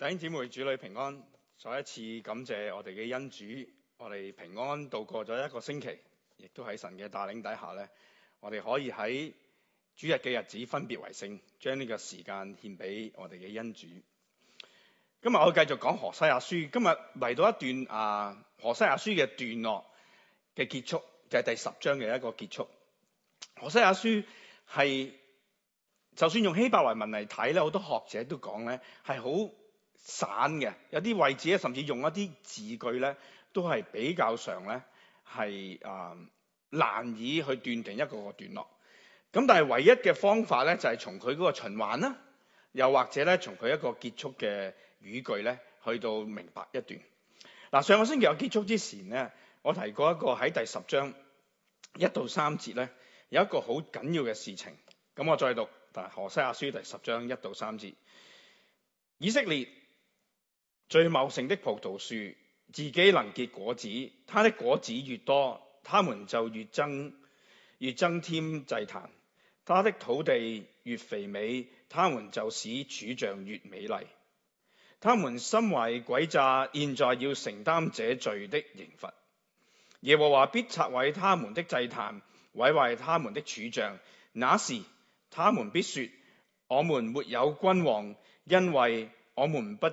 弟兄姊妹，主女平安，再一次感謝我哋嘅恩主，我哋平安度過咗一個星期，亦都喺神嘅帶領底下咧，我哋可以喺主日嘅日子分別為聖，將呢個時間獻俾我哋嘅恩主。今日我繼續講何西阿書，今日嚟到一段啊何西阿書嘅段落嘅結束，就係、是、第十章嘅一個結束。何西阿書係就算用希伯來文嚟睇咧，好多學者都講咧係好。是很散嘅有啲位置咧，甚至用一啲字句咧，都係比較上咧係啊難以去斷定一個個段落。咁但係唯一嘅方法咧，就係從佢嗰個循環啦，又或者咧從佢一個結束嘅語句咧，去到明白一段。嗱，上個星期我結束之前咧，我提過一個喺第十章一到三節咧有一個好緊要嘅事情。咁我再讀，但係何西阿書第十章一到三節以色列。最茂盛的葡萄樹自己能結果子，他的果子越多，他們就越增越增添祭壇。他的土地越肥美，他們就使柱像越美麗。他們心懷詭詐，現在要承擔這罪的刑罰。耶和華必拆毀他們的祭壇，毀壞他們的柱像。那時，他們必說：我們沒有君王，因為我們不。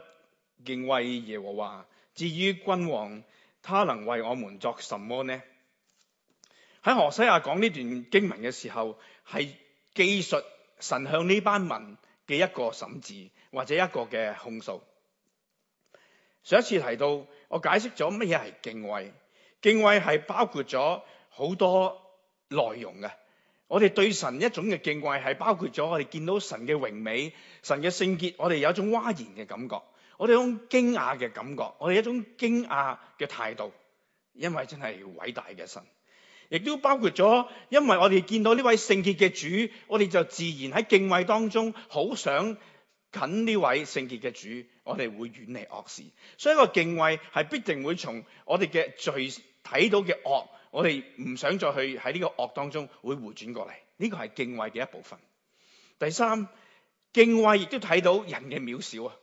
敬畏耶和華，至於君王，他能為我們作什麼呢？喺何西亞講呢段經文嘅時候，係記述神向呢班民嘅一個審判或者一個嘅控訴。上一次提到，我解釋咗乜嘢係敬畏，敬畏係包括咗好多內容嘅。我哋對神一種嘅敬畏係包括咗我哋見到神嘅榮美、神嘅聖潔，我哋有一種嘩然嘅感覺。我哋一種驚訝嘅感覺，我哋一種驚訝嘅態度，因為真係偉大嘅神，亦都包括咗，因為我哋見到呢位聖潔嘅主，我哋就自然喺敬畏當中，好想近呢位聖潔嘅主，我哋會遠離惡事，所以個敬畏係必定會從我哋嘅罪睇到嘅惡，我哋唔想再去喺呢個惡當中會回轉過嚟，呢個係敬畏嘅一部分。第三，敬畏亦都睇到人嘅渺小啊。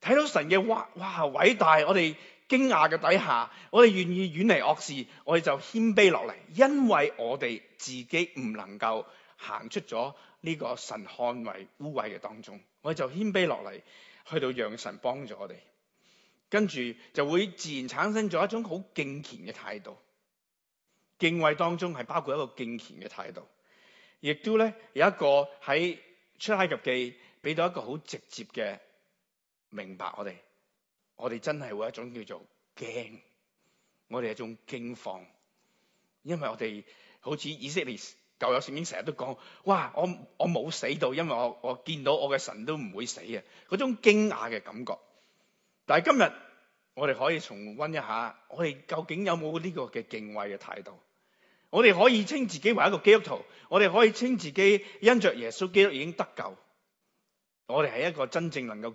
睇到神嘅哇哇偉大，我哋驚訝嘅底下，我哋願意遠離惡事，我哋就謙卑落嚟，因為我哋自己唔能夠行出咗呢個神看為污穢嘅當中，我哋就謙卑落嚟，去到讓神幫助我哋，跟住就會自然產生咗一種好敬虔嘅態度，敬畏當中係包括一個敬虔嘅態度，亦都呢有一個喺出埃及記俾到一個好直接嘅。明白我哋，我哋真係會一種叫做驚，我哋一種驚慌，因為我哋好似以色列舊約聖經成日都講，哇！我我冇死到，因為我我見到我嘅神都唔會死啊！嗰種驚訝嘅感覺。但係今日我哋可以重溫一下，我哋究竟有冇呢個嘅敬畏嘅態度？我哋可以稱自己為一個基督徒，我哋可以稱自己因着耶穌基督已經得救，我哋係一個真正能夠。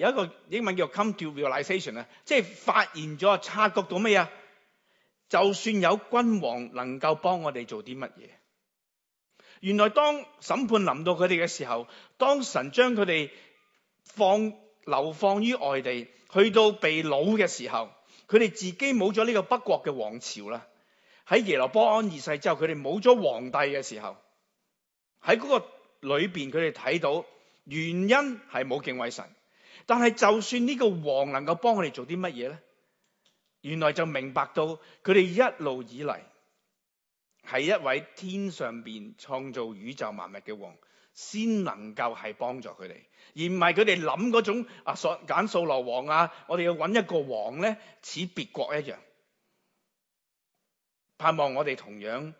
有一個英文叫 come to realization 啊，即係發現咗啊，察覺到咩啊？就算有君王能夠幫我哋做啲乜嘢，原來當審判臨到佢哋嘅時候，當神將佢哋放流放於外地，去到被擄嘅時候，佢哋自己冇咗呢個北國嘅王朝啦。喺耶羅波安二世之後，佢哋冇咗皇帝嘅時候，喺嗰個裏邊佢哋睇到原因係冇敬畏神。但係，就算呢個王能夠幫我哋做啲乜嘢呢？原來就明白到佢哋一路以嚟係一位天上邊創造宇宙萬物嘅王，先能夠係幫助佢哋，而唔係佢哋諗嗰種啊，所揀掃羅王啊，我哋要搵一個王呢，似別國一樣，盼望我哋同樣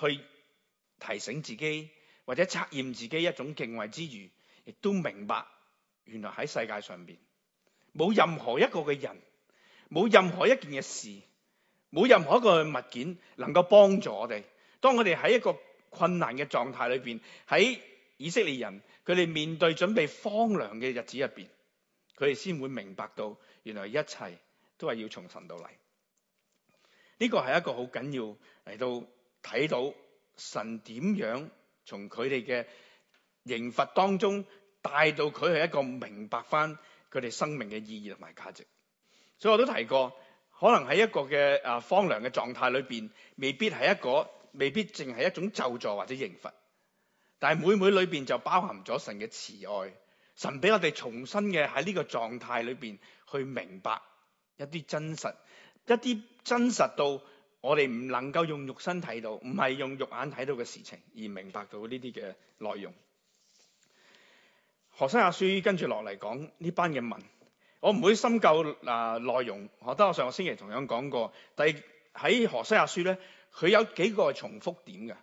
去提醒自己或者測驗自己一種敬畏之餘，亦都明白。原來喺世界上邊，冇任何一個嘅人，冇任何一件嘅事，冇任何一個物件能夠幫助我哋。當我哋喺一個困難嘅狀態裏邊，喺以色列人，佢哋面對準備荒涼嘅日子入邊，佢哋先會明白到，原來一切都係要從神度嚟。呢個係一個好緊要，嚟到睇到神點樣從佢哋嘅刑罰當中，帶到佢係一個明白翻佢哋生命嘅意義同埋價值，所以我都提過，可能喺一個嘅、啊荒涼嘅狀態裏邊，未必係一個，未必淨係一種咒詛，或者刑罰，但係每每裏邊就包含咗神嘅慈愛，神俾我哋重新嘅喺呢個狀態裏邊去明白一啲真實，一啲真實到我哋唔能夠用肉身睇到，唔係用肉眼睇到嘅事情，而明白到呢啲嘅內容。何西阿書跟住落嚟講呢班嘅文，我唔會深究啊、呃、內容。學得我上個星期同樣講過，但係喺何西阿書咧，佢有幾個重複點嘅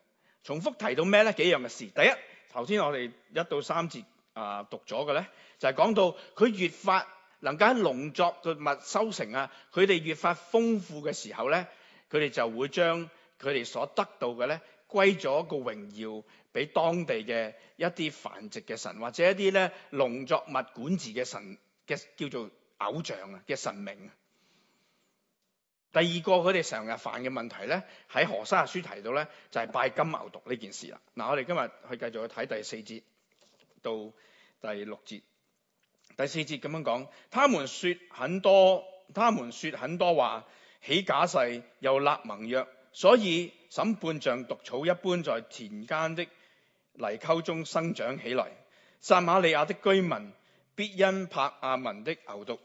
重複提到咩咧？幾樣嘅事。第一，頭先我哋一到三節啊、呃、讀咗嘅咧，就係、是、講到佢越發能夠喺農作嘅物收成啊，佢哋越發豐富嘅時候咧，佢哋就會將佢哋所得到嘅咧歸咗個榮耀。俾當地嘅一啲繁殖嘅神，或者一啲咧農作物管治嘅神嘅叫做偶像啊嘅神明啊。第二個佢哋成日犯嘅問題咧，喺何西阿書提到咧，就係、是、拜金牛犢呢件事啦。嗱，我哋今日去繼續去睇第四節到第六節。第四節咁樣講，他們説很多，他們説很多話，起假誓又立盟約，所以審判像毒草一般在田間的泥溝中生長起來，撒瑪利亞的居民必因伯亞文的牛犢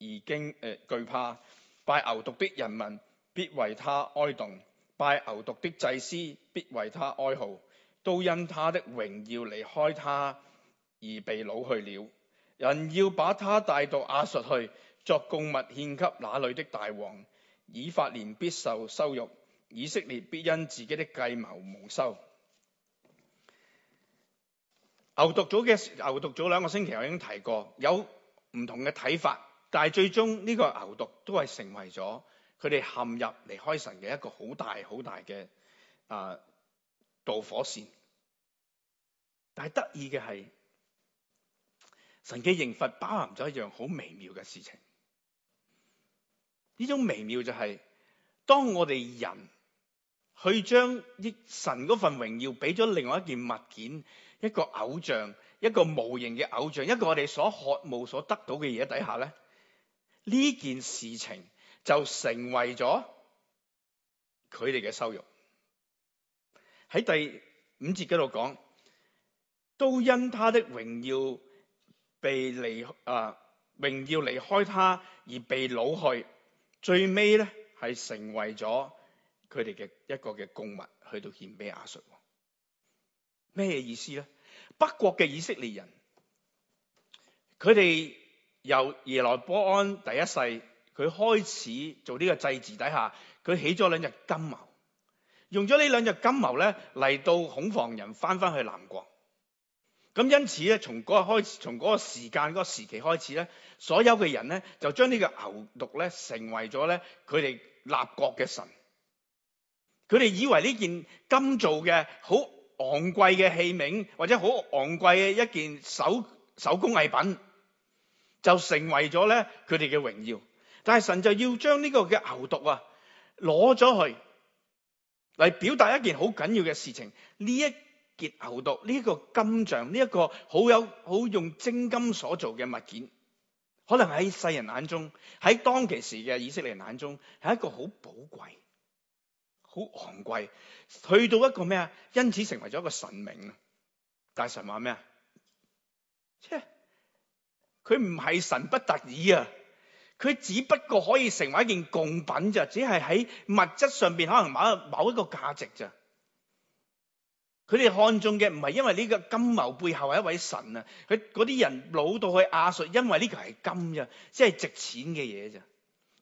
而驚、呃、懼怕，拜牛犢的人民必為他哀慟，拜牛犢的祭司必為他哀號，都因他的榮耀離開他而被擄去了。人要把他帶到亞述去作供物獻給那裏的大王，以法蓮必受羞辱，以色列必因自己的計謀蒙羞。牛犢組嘅牛犢組，兩個星期我已經提過，有唔同嘅睇法，但係最終呢個牛犢都係成為咗佢哋陷入離開神嘅一個好大好大嘅啊導火線。但係得意嘅係，神嘅刑罰包含咗一樣好微妙嘅事情。呢種微妙就係、是、當我哋人去將神嗰份榮耀俾咗另外一件物件。一個偶像，一個無形嘅偶像，一個我哋所渴慕、所得到嘅嘢底下咧，呢件事情就成為咗佢哋嘅羞辱。喺第五節嗰度講，都因他的榮耀被離啊，榮耀離開他而被老去，最尾咧係成為咗佢哋嘅一個嘅供物，去到獻俾亞述。咩意思咧？北國嘅以色列人，佢哋由耶羅波安第一世佢開始做呢個祭祀底下，佢起咗兩隻金矛，用咗呢兩隻金矛咧嚟到恐防人翻翻去南國。咁因此咧，從嗰個開始，從嗰個時間嗰個時期開始咧，所有嘅人咧就將呢個牛犢咧成為咗咧佢哋立國嘅神。佢哋以為呢件金做嘅好。昂貴嘅器皿，或者好昂貴嘅一件手手工藝品，就成為咗咧佢哋嘅榮耀。但係神就要將呢個嘅牛犢啊攞咗去嚟，表達一件好緊要嘅事情。呢一件牛犢，呢一個金像，呢一個好有好用精金所做嘅物件，可能喺世人眼中，喺當其時嘅以色列人眼中係一個好寶貴。好昂貴，去到一個咩啊？因此成為咗一個神明啊！大神話咩啊？切，佢唔係神不得已啊！佢只不過可以成為一件供品咋，只係喺物質上邊可能某某一個價值咋。佢哋看中嘅唔係因為呢個金矛背後係一位神啊，佢嗰啲人老到去亞述，因為呢個係金啫，即係值錢嘅嘢咋，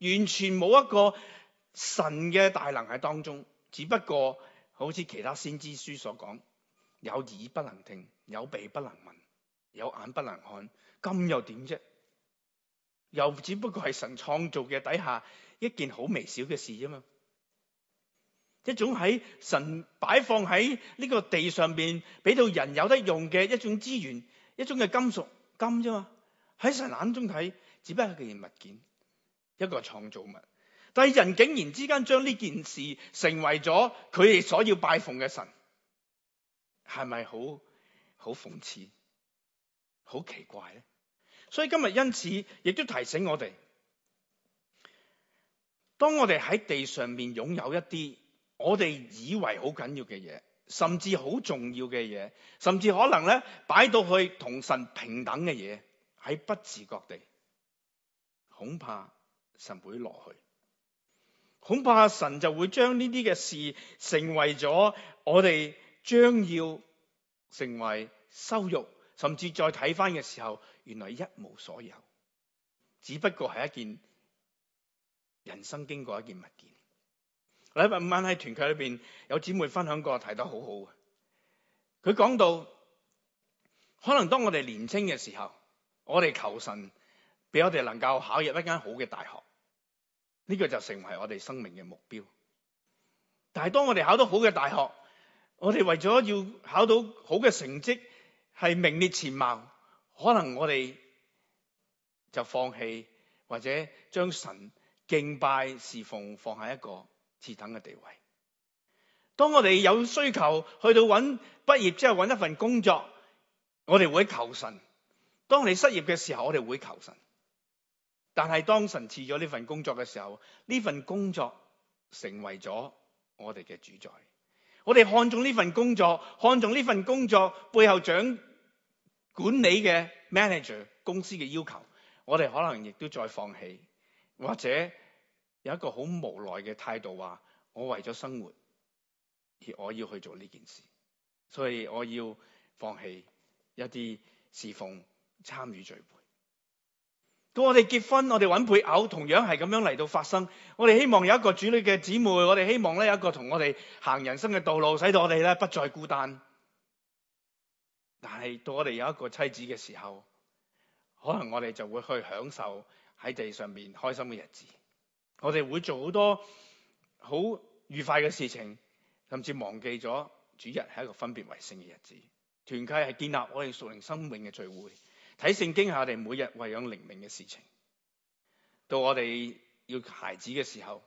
完全冇一個。神嘅大能喺當中，只不過好似其他先知書所講，有耳不能聽，有鼻不能聞，有眼不能看，金又點啫？又只不過係神創造嘅底下一件好微小嘅事啫嘛，一種喺神擺放喺呢個地上邊俾到人有得用嘅一種資源，一種嘅金屬金啫嘛，喺神眼中睇，只不過係件物件，一個創造物。但人竟然之間將呢件事成為咗佢哋所要拜奉嘅神，係咪好好諷刺、好奇怪咧？所以今日因此亦都提醒我哋，當我哋喺地上面擁有一啲我哋以為好緊要嘅嘢，甚至好重要嘅嘢，甚至可能咧擺到去同神平等嘅嘢，喺不自覺地，恐怕神會落去。恐怕神就會將呢啲嘅事成為咗我哋將要成為羞辱，甚至再睇返嘅時候，原來一無所有，只不過係一件人生經過一件物件。禮拜五晚喺團契裏邊有姊妹分享過，提得好好。佢講到，可能當我哋年青嘅時候，我哋求神俾我哋能夠考入一間好嘅大學。呢個就成為我哋生命嘅目標。但係當我哋考到好嘅大學，我哋為咗要考到好嘅成績，係名列前茅，可能我哋就放棄或者將神敬拜侍奉放下一個次等嘅地位。當我哋有需求去到搵畢業之後搵一份工作，我哋會求神；當你失業嘅時候，我哋會求神。但係當神賜咗呢份工作嘅時候，呢份工作成為咗我哋嘅主宰。我哋看重呢份工作，看重呢份工作背後掌管理嘅 manager 公司嘅要求，我哋可能亦都再放棄，或者有一個好無奈嘅態度話：我為咗生活而我要去做呢件事，所以我要放棄一啲侍奉、參與聚會。到我哋結婚，我哋揾配偶，同樣係咁樣嚟到發生。我哋希望有一個主內嘅姊妹，我哋希望咧有一個同我哋行人生嘅道路，使到我哋咧不再孤單。但係到我哋有一個妻子嘅時候，可能我哋就會去享受喺地上面開心嘅日子。我哋會做好多好愉快嘅事情，甚至忘記咗主日係一個分別為聖嘅日子。團契係建立我哋屬靈生命嘅聚會。睇聖經下我哋每日餵養靈命嘅事情。到我哋要孩子嘅時候，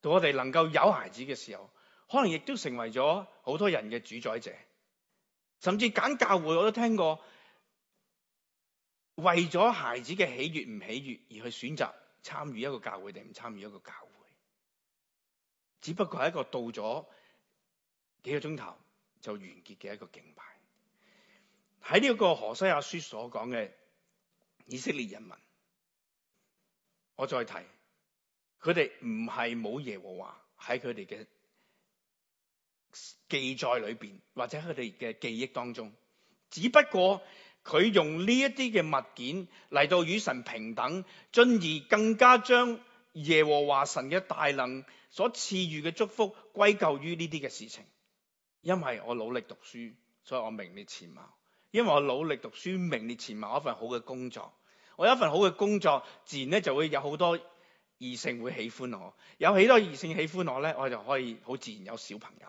到我哋能夠有孩子嘅時候，可能亦都成為咗好多人嘅主宰者。甚至揀教會我都聽過。為咗孩子嘅喜悦唔喜悦而去選擇參與一個教會定唔參與一個教會，只不過係一個到咗幾個鐘頭就完結嘅一個敬拜。喺呢個何西阿書所講嘅以色列人民，我再提佢哋唔係冇耶和華，喺佢哋嘅記載裏邊，或者佢哋嘅記憶當中，只不過佢用呢一啲嘅物件嚟到與神平等，進而更加將耶和華神嘅大能所賜予嘅祝福歸咎於呢啲嘅事情。因為我努力讀書，所以我名列前茅。因為我努力讀書，名列前茅，一份好嘅工作。我有一份好嘅工作，自然咧就會有好多異性會喜歡我。有好多異性喜歡我咧，我就可以好自然有小朋友。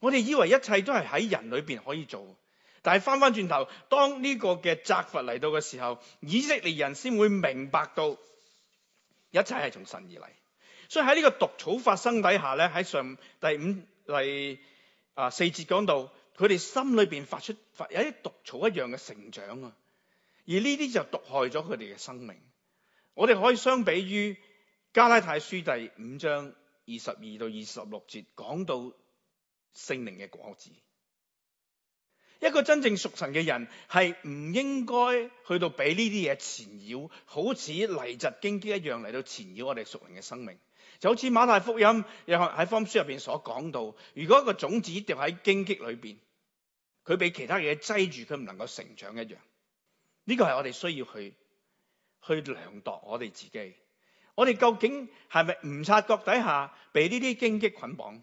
我哋以為一切都係喺人裏邊可以做，但係翻翻轉頭，當呢個嘅責罰嚟到嘅時候，以色列人先會明白到一切係從神而嚟。所以喺呢個毒草發生底下咧，喺上第五第啊四節講到。佢哋心裏邊發出發有啲毒草一樣嘅成長啊，而呢啲就毒害咗佢哋嘅生命。我哋可以相比於加拉太書第五章二十二到二十六節講到聖靈嘅果子，一個真正屬神嘅人係唔應該去到俾呢啲嘢纏繞，好似蒺藜荊棘一樣嚟到纏繞我哋屬靈嘅生命。就好似馬太福音又喺方書入邊所講到，如果一個種子掉喺荊棘裏邊，佢被其他嘢擠住，佢唔能夠成長一樣。呢、這個係我哋需要去去量度我哋自己。我哋究竟係咪唔察覺底下被呢啲荊棘捆綁？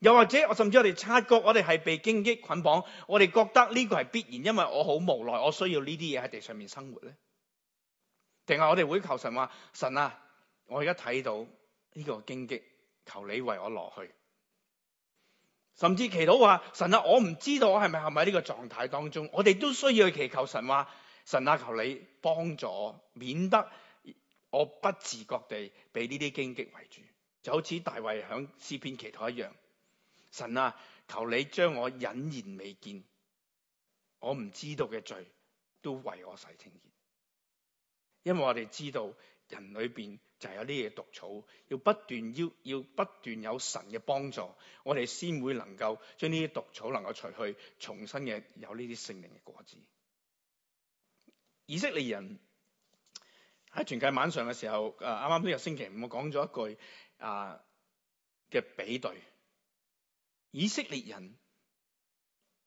又或者我甚至我哋察覺我哋係被荊棘捆綁，我哋覺得呢個係必然，因為我好無奈，我需要呢啲嘢喺地上面生活咧。定係我哋會求神話神啊！我而家睇到。呢個荊棘，求你為我落去。甚至祈禱話：神啊，我唔知道我係咪係咪喺呢個狀態當中。我哋都需要去祈求神話：神啊，求你幫助我，免得我不自覺地被呢啲荊棘圍住。就好似大衛響詩篇祈禱一樣，神啊，求你將我隱然未見、我唔知道嘅罪都為我洗清。因為我哋知道人裏邊。就係有呢啲嘢毒草，要不斷要要不斷有神嘅幫助，我哋先會能夠將呢啲毒草能夠除去，重新嘅有呢啲聖靈嘅果子。以色列人喺團契晚上嘅時候，誒啱啱呢個星期五，我講咗一句啊嘅、呃、比對。以色列人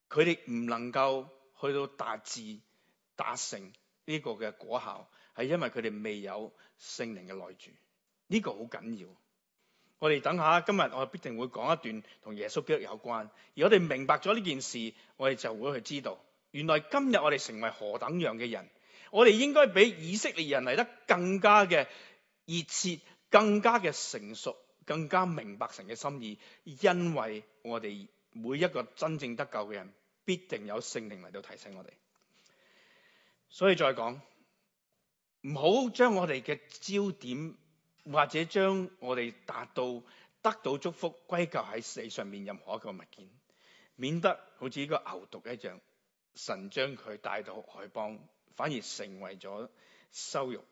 佢哋唔能夠去到達至達成呢個嘅果效。係因為佢哋未有聖靈嘅內住，呢個好緊要。我哋等下今日我必定會講一段同耶穌基督有關，而我哋明白咗呢件事，我哋就會去知道，原來今日我哋成為何等樣嘅人。我哋應該比以色列人嚟得更加嘅熱切，更加嘅成熟，更加明白神嘅心意，因為我哋每一個真正得救嘅人必定有聖靈嚟到提醒我哋。所以再講。唔好將我哋嘅焦點，或者將我哋達到得到祝福歸咎喺世上面任何一個物件，免得好似呢個牛犢一樣，神將佢帶到海邦，反而成為咗羞辱。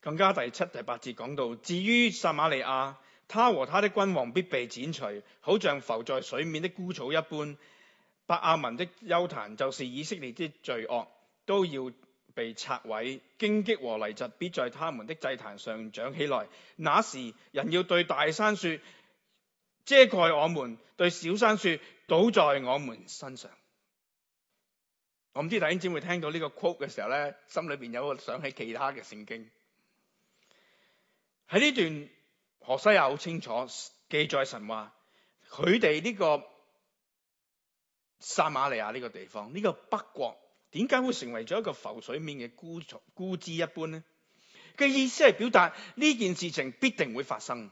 更加第七、第八節講到，至於撒瑪利亞，他和他的君王必被剪除，好像浮在水面的枯草一般。伯亞文的邱壇就是以色列的罪惡，都要。被拆毀，荊棘和蒺藜必在他們的祭壇上長起來。那時，人要對大山說：遮蓋我們；對小山說：倒在我們身上。我唔知大英姊妹聽到呢個 quote 嘅時候咧，心裏邊有個想起其他嘅聖經。喺呢段何西阿好清楚記載神話，佢哋呢個撒瑪利亞呢個地方，呢個北國。點解會成為咗一個浮水面嘅孤孤枝一般呢？嘅意思係表達呢件事情必定會發生，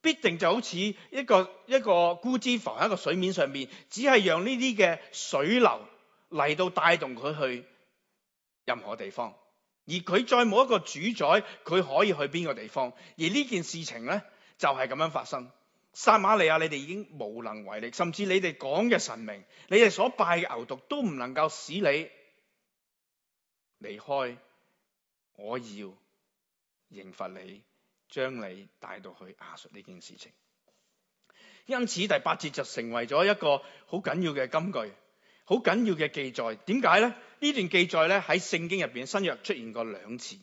必定就好似一個一個孤枝浮喺一個水面上面，只係讓呢啲嘅水流嚟到帶動佢去任何地方，而佢再冇一個主宰，佢可以去邊個地方？而呢件事情呢，就係咁樣發生。撒瑪利亞，你哋已經無能為力，甚至你哋講嘅神明，你哋所拜嘅牛犢都唔能夠使你離開。我要刑罰你，將你帶到去亞述呢件事情。因此第八節就成為咗一個好緊要嘅金句，好緊要嘅記載。點解咧？呢段記載咧喺聖經入邊新約出現過兩次，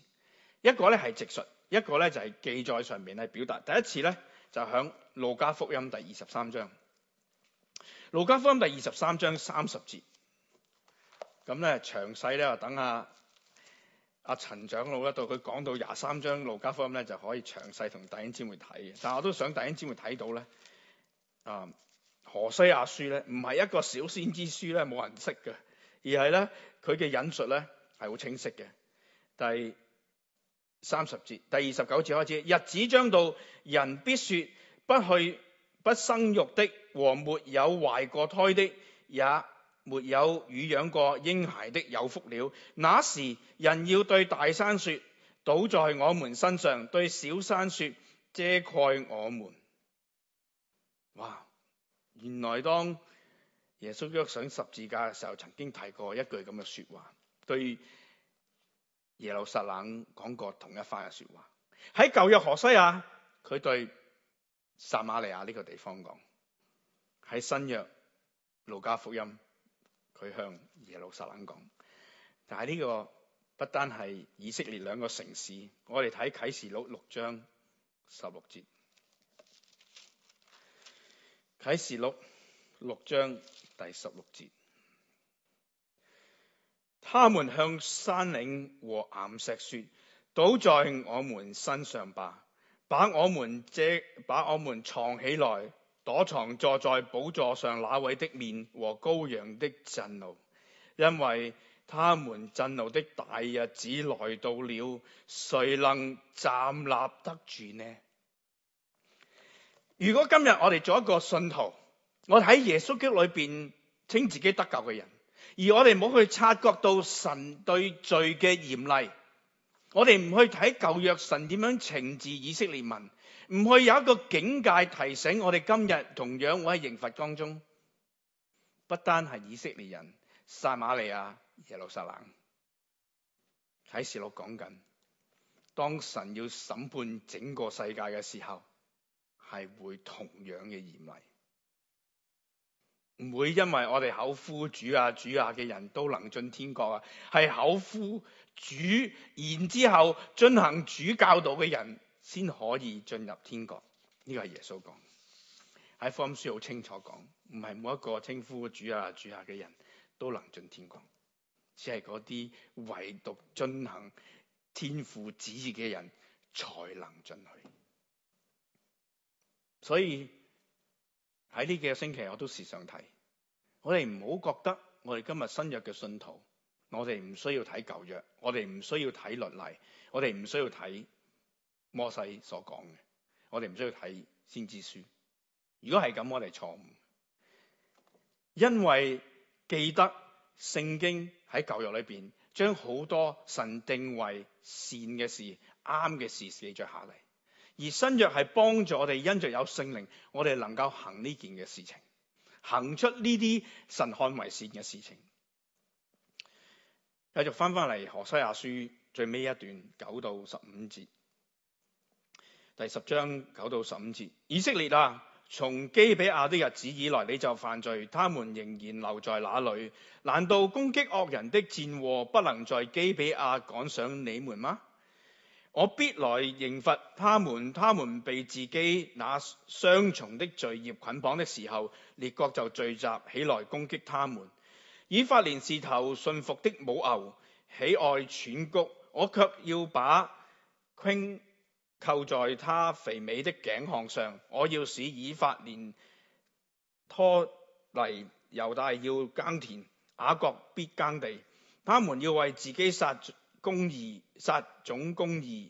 一個咧係直述，一個咧就係記載上面係表達。第一次咧。就喺路加福音第二十三章。路加福音第二十三章三十節，咁咧詳細咧等下阿陳長老咧，到佢講到廿三章路加福音咧就可以詳細同弟兄姊妹睇嘅。但係我都想弟兄姊妹睇到咧，啊何西亞書咧唔係一個小先知書咧冇人識嘅，而係咧佢嘅引述咧係好清晰嘅，但係。三十節，第二十九節開始，日子將到，人必說，不去不生育的和沒有懷過胎的，也沒有乳養過嬰孩的有福了。那時人要對大山說，倒在我們身上，對小山說遮蓋我們。哇！原來當耶穌約上十字架嘅時候，曾經提過一句咁嘅說話，對。耶路撒冷講過同一番嘅說話，喺舊約何西阿，佢對撒馬利亞呢個地方講；喺新約路加福音，佢向耶路撒冷講。但係呢個不單係以色列兩個城市，我哋睇啟示錄六章十六節。啟示錄六章第十六節。他們向山嶺和岩石說：倒在我們身上吧，把我們遮，把我們藏起來，躲藏坐在寶座上那位的面和羔羊的震怒，因為他們震怒的大日子來到了，誰能站立得住呢？如果今日我哋做一個信徒，我喺耶穌基督裏邊稱自己得救嘅人。而我哋唔好去察覺到神對罪嘅嚴厲，我哋唔去睇舊約神點樣懲治以色列民，唔去有一個警戒，提醒我哋今日同樣會喺刑罰當中，不單係以色列人、撒瑪利亞、耶路撒冷，喺《士錄》講緊，當神要審判整個世界嘅時候，係會同樣嘅嚴厲。唔會因為我哋口呼主啊主啊嘅人都能進天國啊，係口呼主，然之後進行主教導嘅人先可以進入天國。呢個係耶穌講喺福音書好清楚講，唔係每一個稱呼主啊主啊嘅人都能進天國，只係嗰啲唯獨進行天父旨意嘅人才能進去。所以。喺呢幾個星期我都時常睇，我哋唔好覺得我哋今日新約嘅信徒，我哋唔需要睇舊約，我哋唔需要睇律例，我哋唔需要睇摩西所講嘅，我哋唔需要睇先知書。如果係咁，我哋錯誤，因為記得聖經喺舊約裏邊將好多神定為善嘅事、啱嘅事寫咗下嚟。而新約係幫助我哋因着有聖靈，我哋能夠行呢件嘅事，事情，行出呢啲神看為善嘅事情。繼續翻翻嚟何西阿書最尾一段，九到十五節，第十章九到十五節。以色列啊，從基比亞的日子以來你就犯罪，他們仍然留在那裡。難道攻擊惡人的戰禍不能在基比亞趕上你們嗎？我必來刑罰他們，他們被自己那雙重的罪孽捆綁的時候，列國就聚集起來攻擊他們。以法蓮是頭馴服的母牛，喜愛喘穀，我卻要把圈扣在它肥美的頸項上。我要使以法蓮拖犁，猶大要耕田，雅各必耕地，他們要為自己殺公義殺種公義，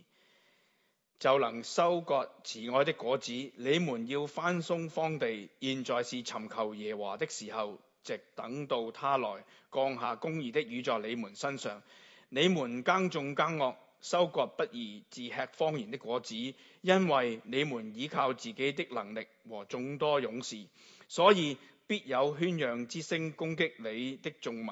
就能收割慈愛的果子。你們要翻鬆荒地，現在是尋求耶和華的時候，直等到他來降下公義的雨在你們身上。你們耕種耕惡，收割不義，自吃謊言的果子，因為你們依靠自己的能力和眾多勇士，所以必有喧嚷之聲攻擊你的眾民。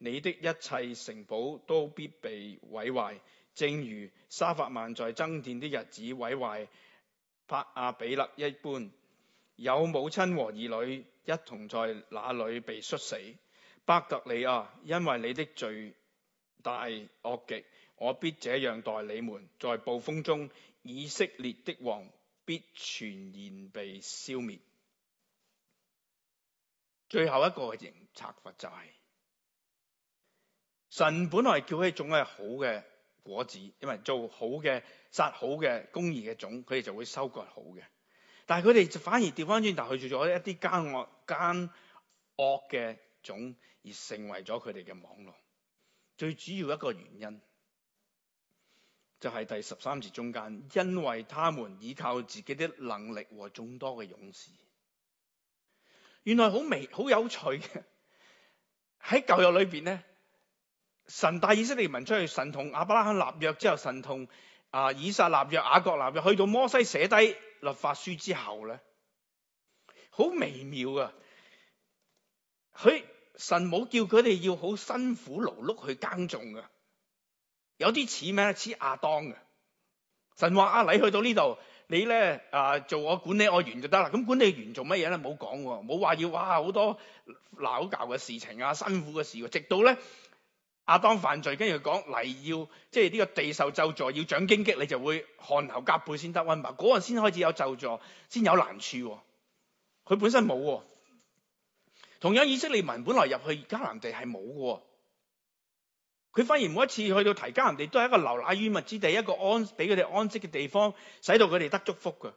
你的一切城堡都必被毀壞，正如沙法曼在爭戰的日子毀壞伯亞比勒一般。有母親和兒女一同在那裏被摔死。伯特利亞，因為你的罪大惡極，我必這樣待你們。在暴風中，以色列的王必全然被消滅。最後一個刑策罰就係。神本來叫佢種嘅好嘅果子，因為做好嘅、殺好嘅、公義嘅種，佢哋就會收割好嘅。但係佢哋就反而調翻轉，頭去做咗一啲奸惡、奸惡嘅種，而成為咗佢哋嘅網絡。最主要一個原因，就係、是、第十三節中間，因為他們依靠自己啲能力和眾多嘅勇士。原來好微、好有趣嘅喺舊約裏邊咧。神帶以色列民出去，神同亞伯拉罕立約之後，神同啊以撒立約、雅各立約，去到摩西寫低律法書之後咧，好微妙啊！佢神冇叫佢哋要好辛苦勞碌去耕種啊，有啲似咩？似亞當啊！神話阿禮去到呢度，你咧啊做我管理我員就得啦。咁、啊、管理員做乜嘢咧？冇講、啊，冇話要哇好多鬧交嘅事情啊，辛苦嘅事，直到咧。亞當犯罪，跟住講嚟要即係呢個地受咒詛，要長荊棘，你就會汗流浹背先得。喂，嗱，嗰個先開始有咒詛，先有難處、哦。佢本身冇、哦。同樣以色列民本來入去迦南地係冇喎。佢反而每一次去到提迦南地都係一個流奶與蜜之地，一個安俾佢哋安息嘅地方，使到佢哋得祝福嘅。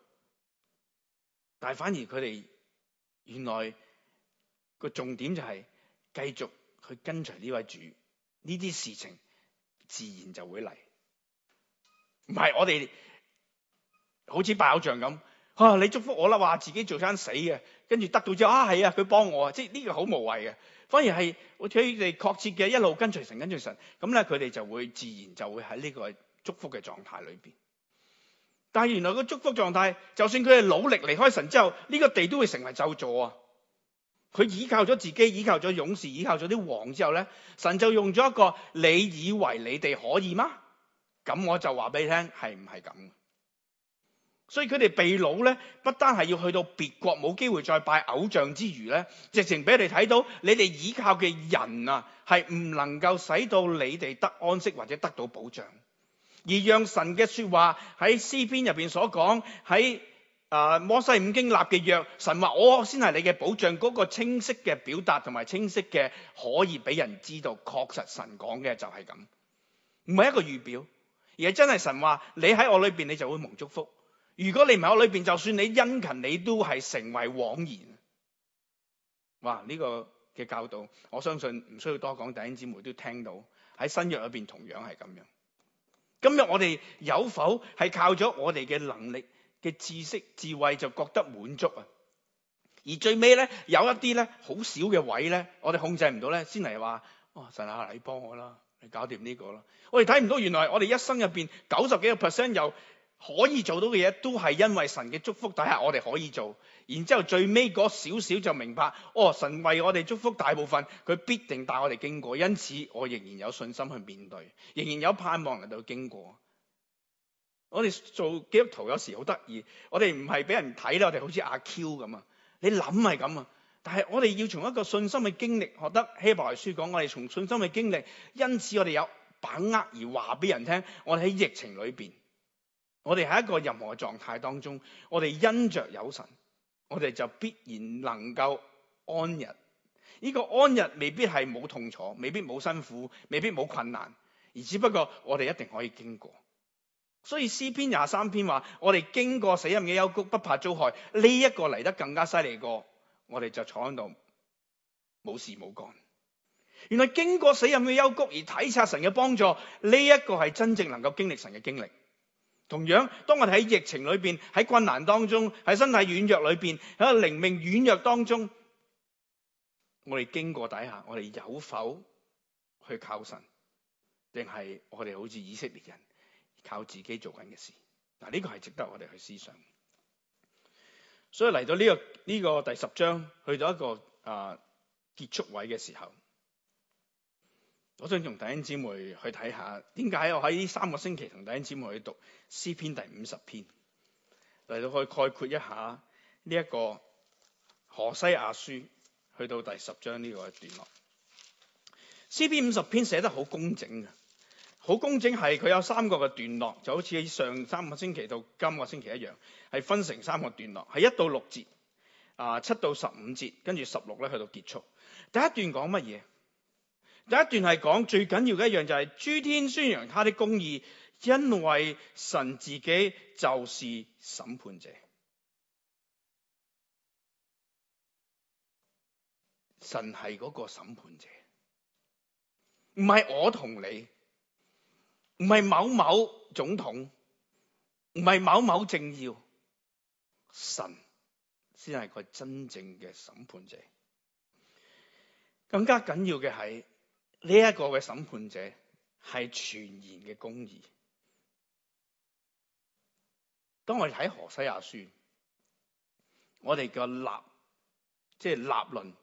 但係反而佢哋原來個重點就係繼續去跟隨呢位主。呢啲事情自然就會嚟，唔係我哋好似爆仗咁，啊你祝福我啦，話自己做生死嘅，跟住得到之後啊，係啊佢幫我啊，即係呢個好無謂嘅，反而係佢哋確切嘅一路跟隨神，跟隨神，咁咧佢哋就會自然就會喺呢個祝福嘅狀態裏邊。但係原來個祝福狀態，就算佢哋努力離開神之後，呢個地都會成為咒詛啊！佢依靠咗自己，依靠咗勇士，依靠咗啲王之後咧，神就用咗一個：你以為你哋可以嗎？咁我就話俾你聽，係唔係咁？所以佢哋被擄咧，不單係要去到別國冇機會再拜偶像之餘咧，直情俾你睇到你哋依靠嘅人啊，係唔能夠使到你哋得安息或者得到保障，而讓神嘅說話喺詩篇入邊所講喺。啊！摩西五經立嘅約，神話我先係你嘅保障，嗰個清晰嘅表達同埋清晰嘅可以俾人知道，確實神講嘅就係咁，唔係一個預表，而係真係神話。你喺我裏邊，你就會蒙祝福；如果你唔喺我裏邊，就算你殷勤，你都係成為謊言。哇！呢個嘅教導，我相信唔需要多講，弟兄姊妹都聽到喺新約裏邊同樣係咁樣。今日我哋有否係靠咗我哋嘅能力？嘅知識智慧就覺得滿足啊！而最尾呢，有一啲呢好少嘅位呢，我哋控制唔到呢先嚟話：哦，神啊，你幫我啦，你搞掂呢個啦！我哋睇唔到，原來我哋一生入邊九十幾個 percent 又可以做到嘅嘢，都係因為神嘅祝福底下，我哋可以做。然之後最尾嗰少少就明白：哦，神為我哋祝福大部分，佢必定帶我哋經過。因此，我仍然有信心去面對，仍然有盼望嚟到經過。我哋做基督徒有時好得意，我哋唔係俾人睇啦，我哋好似阿 Q 咁啊！你諗係咁啊，但係我哋要從一個信心嘅經歷學得希伯來書講，我哋從信心嘅經歷，因此我哋有把握而話俾人聽，我哋喺疫情裏面，我哋喺一個任何狀態當中，我哋因着有神，我哋就必然能夠安逸。呢個安逸未必係冇痛楚，未必冇辛苦，未必冇困難，而只不過我哋一定可以經過。所以詩篇廿三篇話：我哋經過死蔭嘅幽谷，不怕遭害。呢一個嚟得更加犀利過，我哋就坐喺度冇事冇幹。原來經過死蔭嘅幽谷而體察神嘅幫助，呢一個係真正能夠經歷神嘅經歷。同樣，當我哋喺疫情裏邊、喺困難當中、喺身體軟弱裏邊、喺靈命軟弱當中，我哋經過底下，我哋有否去靠神？定係我哋好似以色列人？靠自己做緊嘅事，嗱，這、呢個係值得我哋去思想。所以嚟到呢、這個呢、這個、第十章去到一個啊，呃、結束位嘅時候，我想同弟兄姊妹去睇下點解我喺三個星期同弟兄姊妹去讀詩篇第五十篇，嚟到去概括一下呢一個何西阿書去到第十章呢個段落。詩篇五十篇寫得好工整嘅。好公正係佢有三個嘅段落，就好似上三個星期到今個星期一樣，係分成三個段落，係一到六節，啊、呃、七到十五節，跟住十六咧去到結束。第一段講乜嘢？第一段係講最緊要嘅一樣、就是，就係諸天宣揚祂的公義，因為神自己就是審判者，神係嗰個審判者，唔係我同你。唔係某某總統，唔係某某政要，神先係個真正嘅審判者。更加緊要嘅係呢一個嘅審判者係全然嘅公義。當我哋睇何西亞書，我哋個立，即係立論，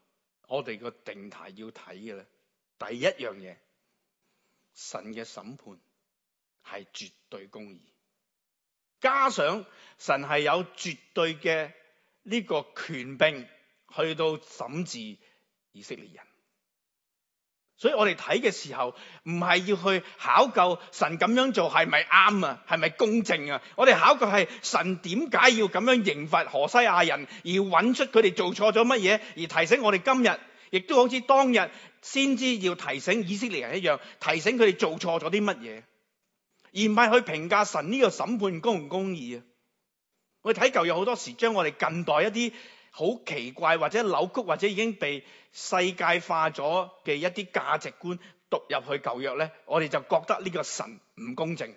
我哋個定題要睇嘅咧，第一樣嘢神嘅審判。係絕對公義，加上神係有絕對嘅呢個權柄去到審治以色列人，所以我哋睇嘅時候唔係要去考究神咁樣做係咪啱啊，係咪公正啊？我哋考究係神點解要咁樣刑罰何西阿人，而揾出佢哋做錯咗乜嘢，而提醒我哋今日亦都好似當日先知要提醒以色列人一樣，提醒佢哋做錯咗啲乜嘢。而唔係去評價神呢個審判公唔公義啊！我睇舊約，好多時將我哋近代一啲好奇怪、或者扭曲、或者已經被世界化咗嘅一啲價值觀讀入去舊約呢，我哋就覺得呢個神唔公正。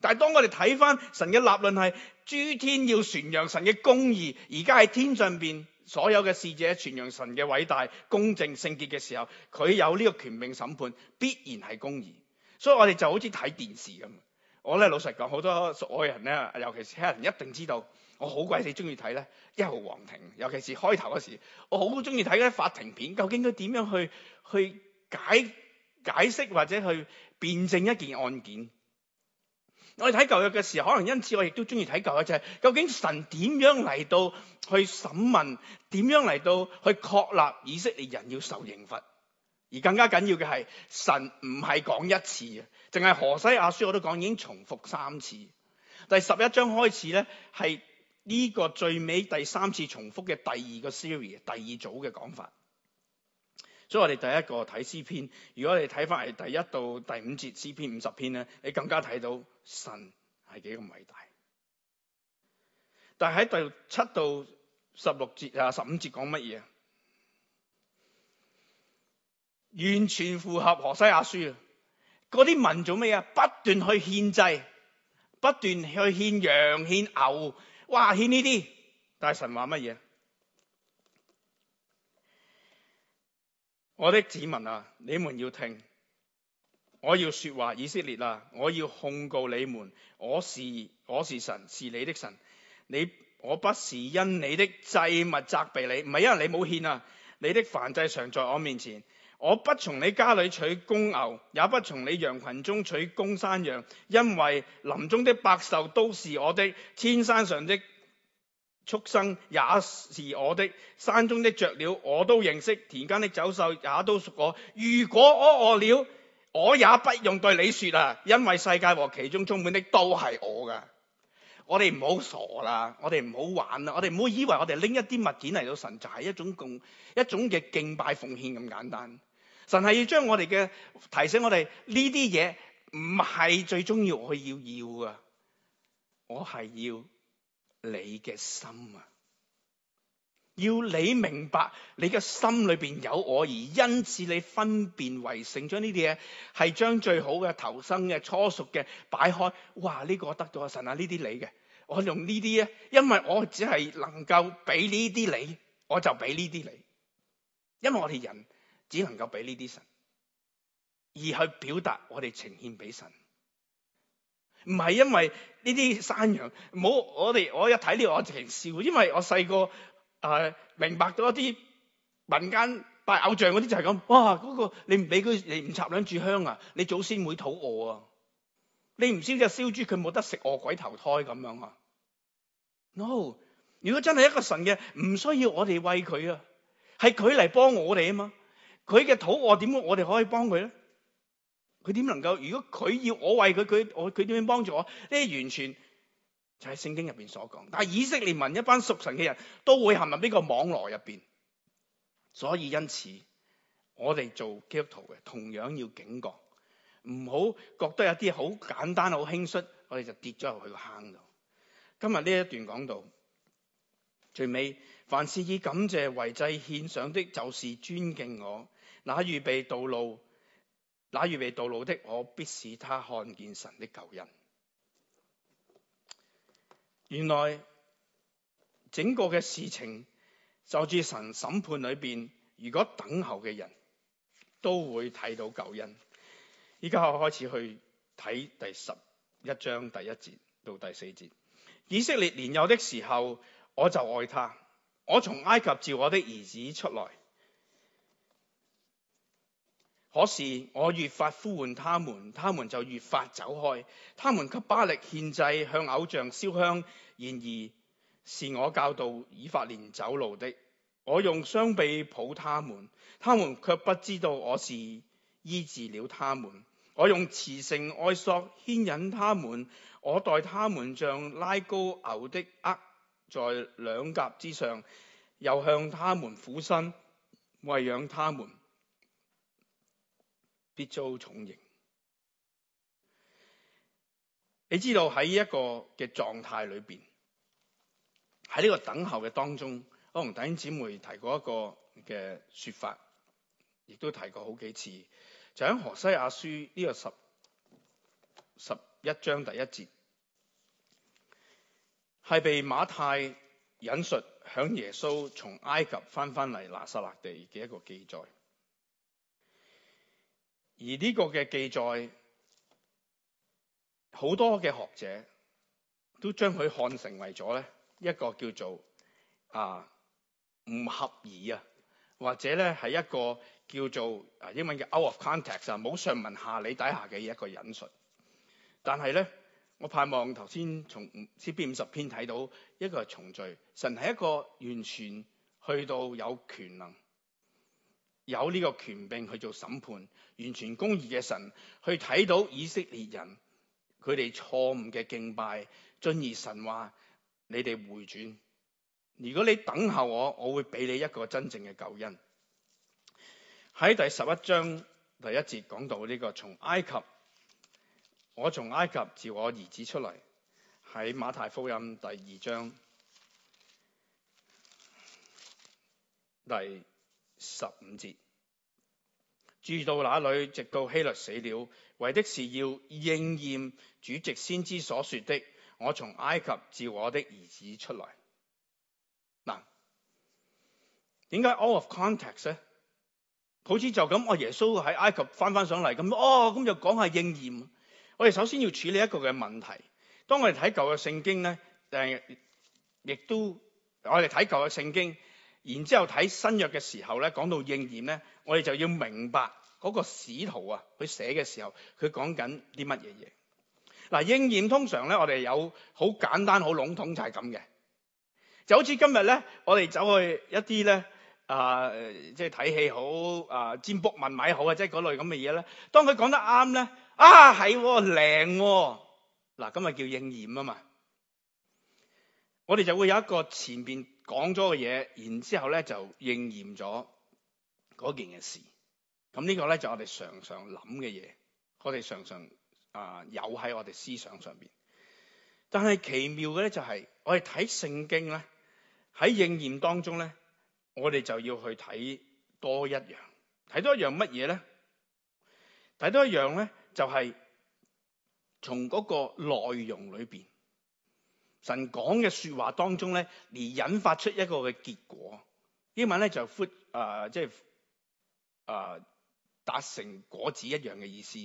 但係當我哋睇翻神嘅立論，係諸天要傳揚神嘅公義，而家喺天上邊所有嘅使者傳揚神嘅偉大、公正、聖潔嘅時候，佢有呢個權柄審判，必然係公義。所以我哋就好似睇電視咁。我咧老實講，好多愛人咧，尤其是香港人一定知道，我好鬼死中意睇咧《一號皇庭》，尤其是開頭嗰時候，我好中意睇嗰啲法庭片。究竟佢點樣去去解解釋或者去辯證一件案件？我哋睇舊約嘅時候，可能因此我亦都中意睇舊約，就係究竟神點樣嚟到去審問，點樣嚟到去確立以色列人要受刑罰？而更加緊要嘅係神唔係講一次嘅，淨係何西阿書我都講已經重複三次。第十一章開始咧，係呢個最尾第三次重複嘅第二個 series，第二組嘅講法。所以我哋第一個睇詩篇，如果你睇翻係第一到第五節詩篇五十篇咧，你更加睇到神係幾咁偉大。但係喺第七到十六節啊，十五節講乜嘢？完全符合何西阿書嗰啲民做咩啊？不斷去獻祭，不斷去獻羊獻牛，哇！獻呢啲，但係神話乜嘢？我的子民啊，你們要聽，我要説話，以色列啊，我要控告你們。我是我是神，是你的神。你我不是因你的祭物責備你，唔係因為你冇獻啊！你的燔祭常在我面前。我不從你家裏取公牛，也不從你羊群中取公山羊，因為林中的百獸都是我的，千山上的畜生也是我的，山中的雀鳥我都認識，田間的走獸也都屬我。如果我餓了，我也不用對你說啊，因為世界和其中充滿的都是我的。我哋唔好傻啦，我哋唔好玩啦，我哋唔好以為我哋拎一啲物件嚟到神就係一種供，一種嘅敬拜奉獻咁簡單。神係要將我哋嘅提醒我哋，我哋呢啲嘢唔係最重要，我要要噶，我係要你嘅心啊，要你明白你嘅心裏邊有我，而因此你分辨為聖，將呢啲嘢係將最好嘅、頭生嘅、初熟嘅擺開。哇！呢、呢個我得咗，神啊，呢啲你嘅，我用呢啲咧，因為我只係能夠俾呢啲你，我就俾呢啲你，因為我哋人。只能夠俾呢啲神，而去表達我哋呈獻俾神，唔係因為呢啲山羊，冇我哋我一睇呢我直情笑，因為我細個誒明白到一啲民間拜偶像嗰啲就係咁，哇嗰個你唔俾佢你唔插兩炷香啊，你祖先會肚餓啊，你唔燒隻燒豬佢冇得食餓鬼投胎咁樣啊？No，如果真係一個神嘅，唔需要我哋喂佢啊，係佢嚟幫我哋啊嘛。佢嘅肚餓點解我哋可以幫佢咧？佢點能夠？如果佢要我餵佢，佢我佢點樣幫助我？呢完全就係聖經入邊所講。但係以色列民一班屬神嘅人都會陷入呢個網羅入邊，所以因此我哋做基督徒嘅同樣要警覺，唔好覺得有啲好簡單、好輕率，我哋就跌咗入去個坑度。今日呢一段講到最尾，凡是以感謝為祭獻上的，就是尊敬我。那預備道路，那預備道路的，我必使他看見神的救恩。原來整個嘅事情，就住神審判裏邊，如果等候嘅人都會睇到救恩。依家我開始去睇第十一章第一節到第四節。以色列年幼的時候，我就愛他，我從埃及召我的兒子出來。可是我越發呼喚他們，他們就越發走開。他們給巴力獻祭，向偶像燒香。然而是我教導以法蓮走路的。我用雙臂抱他們，他們卻不知道我是醫治了他們。我用慈繩愛索牽引他們，我待他們像拉高牛的軛在兩頰之上，又向他們俯身餵養他們。必遭重刑。你知道喺一個嘅狀態裏邊，喺呢個等候嘅當中，我同弟兄姊妹提過一個嘅説法，亦都提過好幾次，就喺何西阿書呢個十十一章第一節，係被馬太引述響耶穌從埃及翻返嚟拿撒勒地嘅一個記載。而呢個嘅記載好多嘅學者都將佢看成為咗咧一個叫做啊唔合意啊，或者咧係一個叫做啊英文嘅 out of context 啊，冇上文下理底下嘅一個引述。但係咧，我盼望頭先從詩篇五十篇睇到一個係重聚，神係一個完全去到有權能。有呢個權柄去做審判，完全公義嘅神去睇到以色列人佢哋錯誤嘅敬拜，遵義神話你哋回轉。如果你等候我，我會俾你一個真正嘅救恩。喺第十一章第一節講到呢個，從埃及，我從埃及召我兒子出嚟。喺馬太福音第二章嚟。第十五節住到那裏，直到希律死了，為的是要應驗主席先知所說的：我從埃及召我的兒子出來。嗱，點解 all of context 咧？好似就咁，我耶穌喺埃及翻翻上嚟咁，哦，咁、哦、就講下應驗。我哋首先要處理一個嘅問題。當我哋睇舊嘅聖經咧，誒，亦都我哋睇舊嘅聖經。然之後睇新約嘅時候咧，講到應驗咧，我哋就要明白嗰個使徒啊，佢寫嘅時候，佢講緊啲乜嘢嘢。嗱，應驗通常咧，我哋有好簡單、好籠統就係咁嘅。就好似今日咧，我哋走去一啲咧啊，即係睇戲好啊，占卜問米好啊，即係嗰類咁嘅嘢咧。當佢講得啱咧，啊係，靈，嗱，咁啊叫應驗啊嘛。我哋就會有一個前面。講咗嘅嘢，然之後咧就應驗咗嗰件嘅事。咁、這、呢個咧就我哋常常諗嘅嘢，我哋常常啊有喺我哋思想上邊。但係奇妙嘅咧就係、是，我哋睇聖經咧喺應驗當中咧，我哋就要去睇多一樣，睇多一樣乜嘢咧？睇多一樣咧就係從嗰個內容裏邊。神講嘅説話當中咧，連引發出一個嘅結果，英文咧就 fruit 啊，即係啊達成果子一樣嘅意思。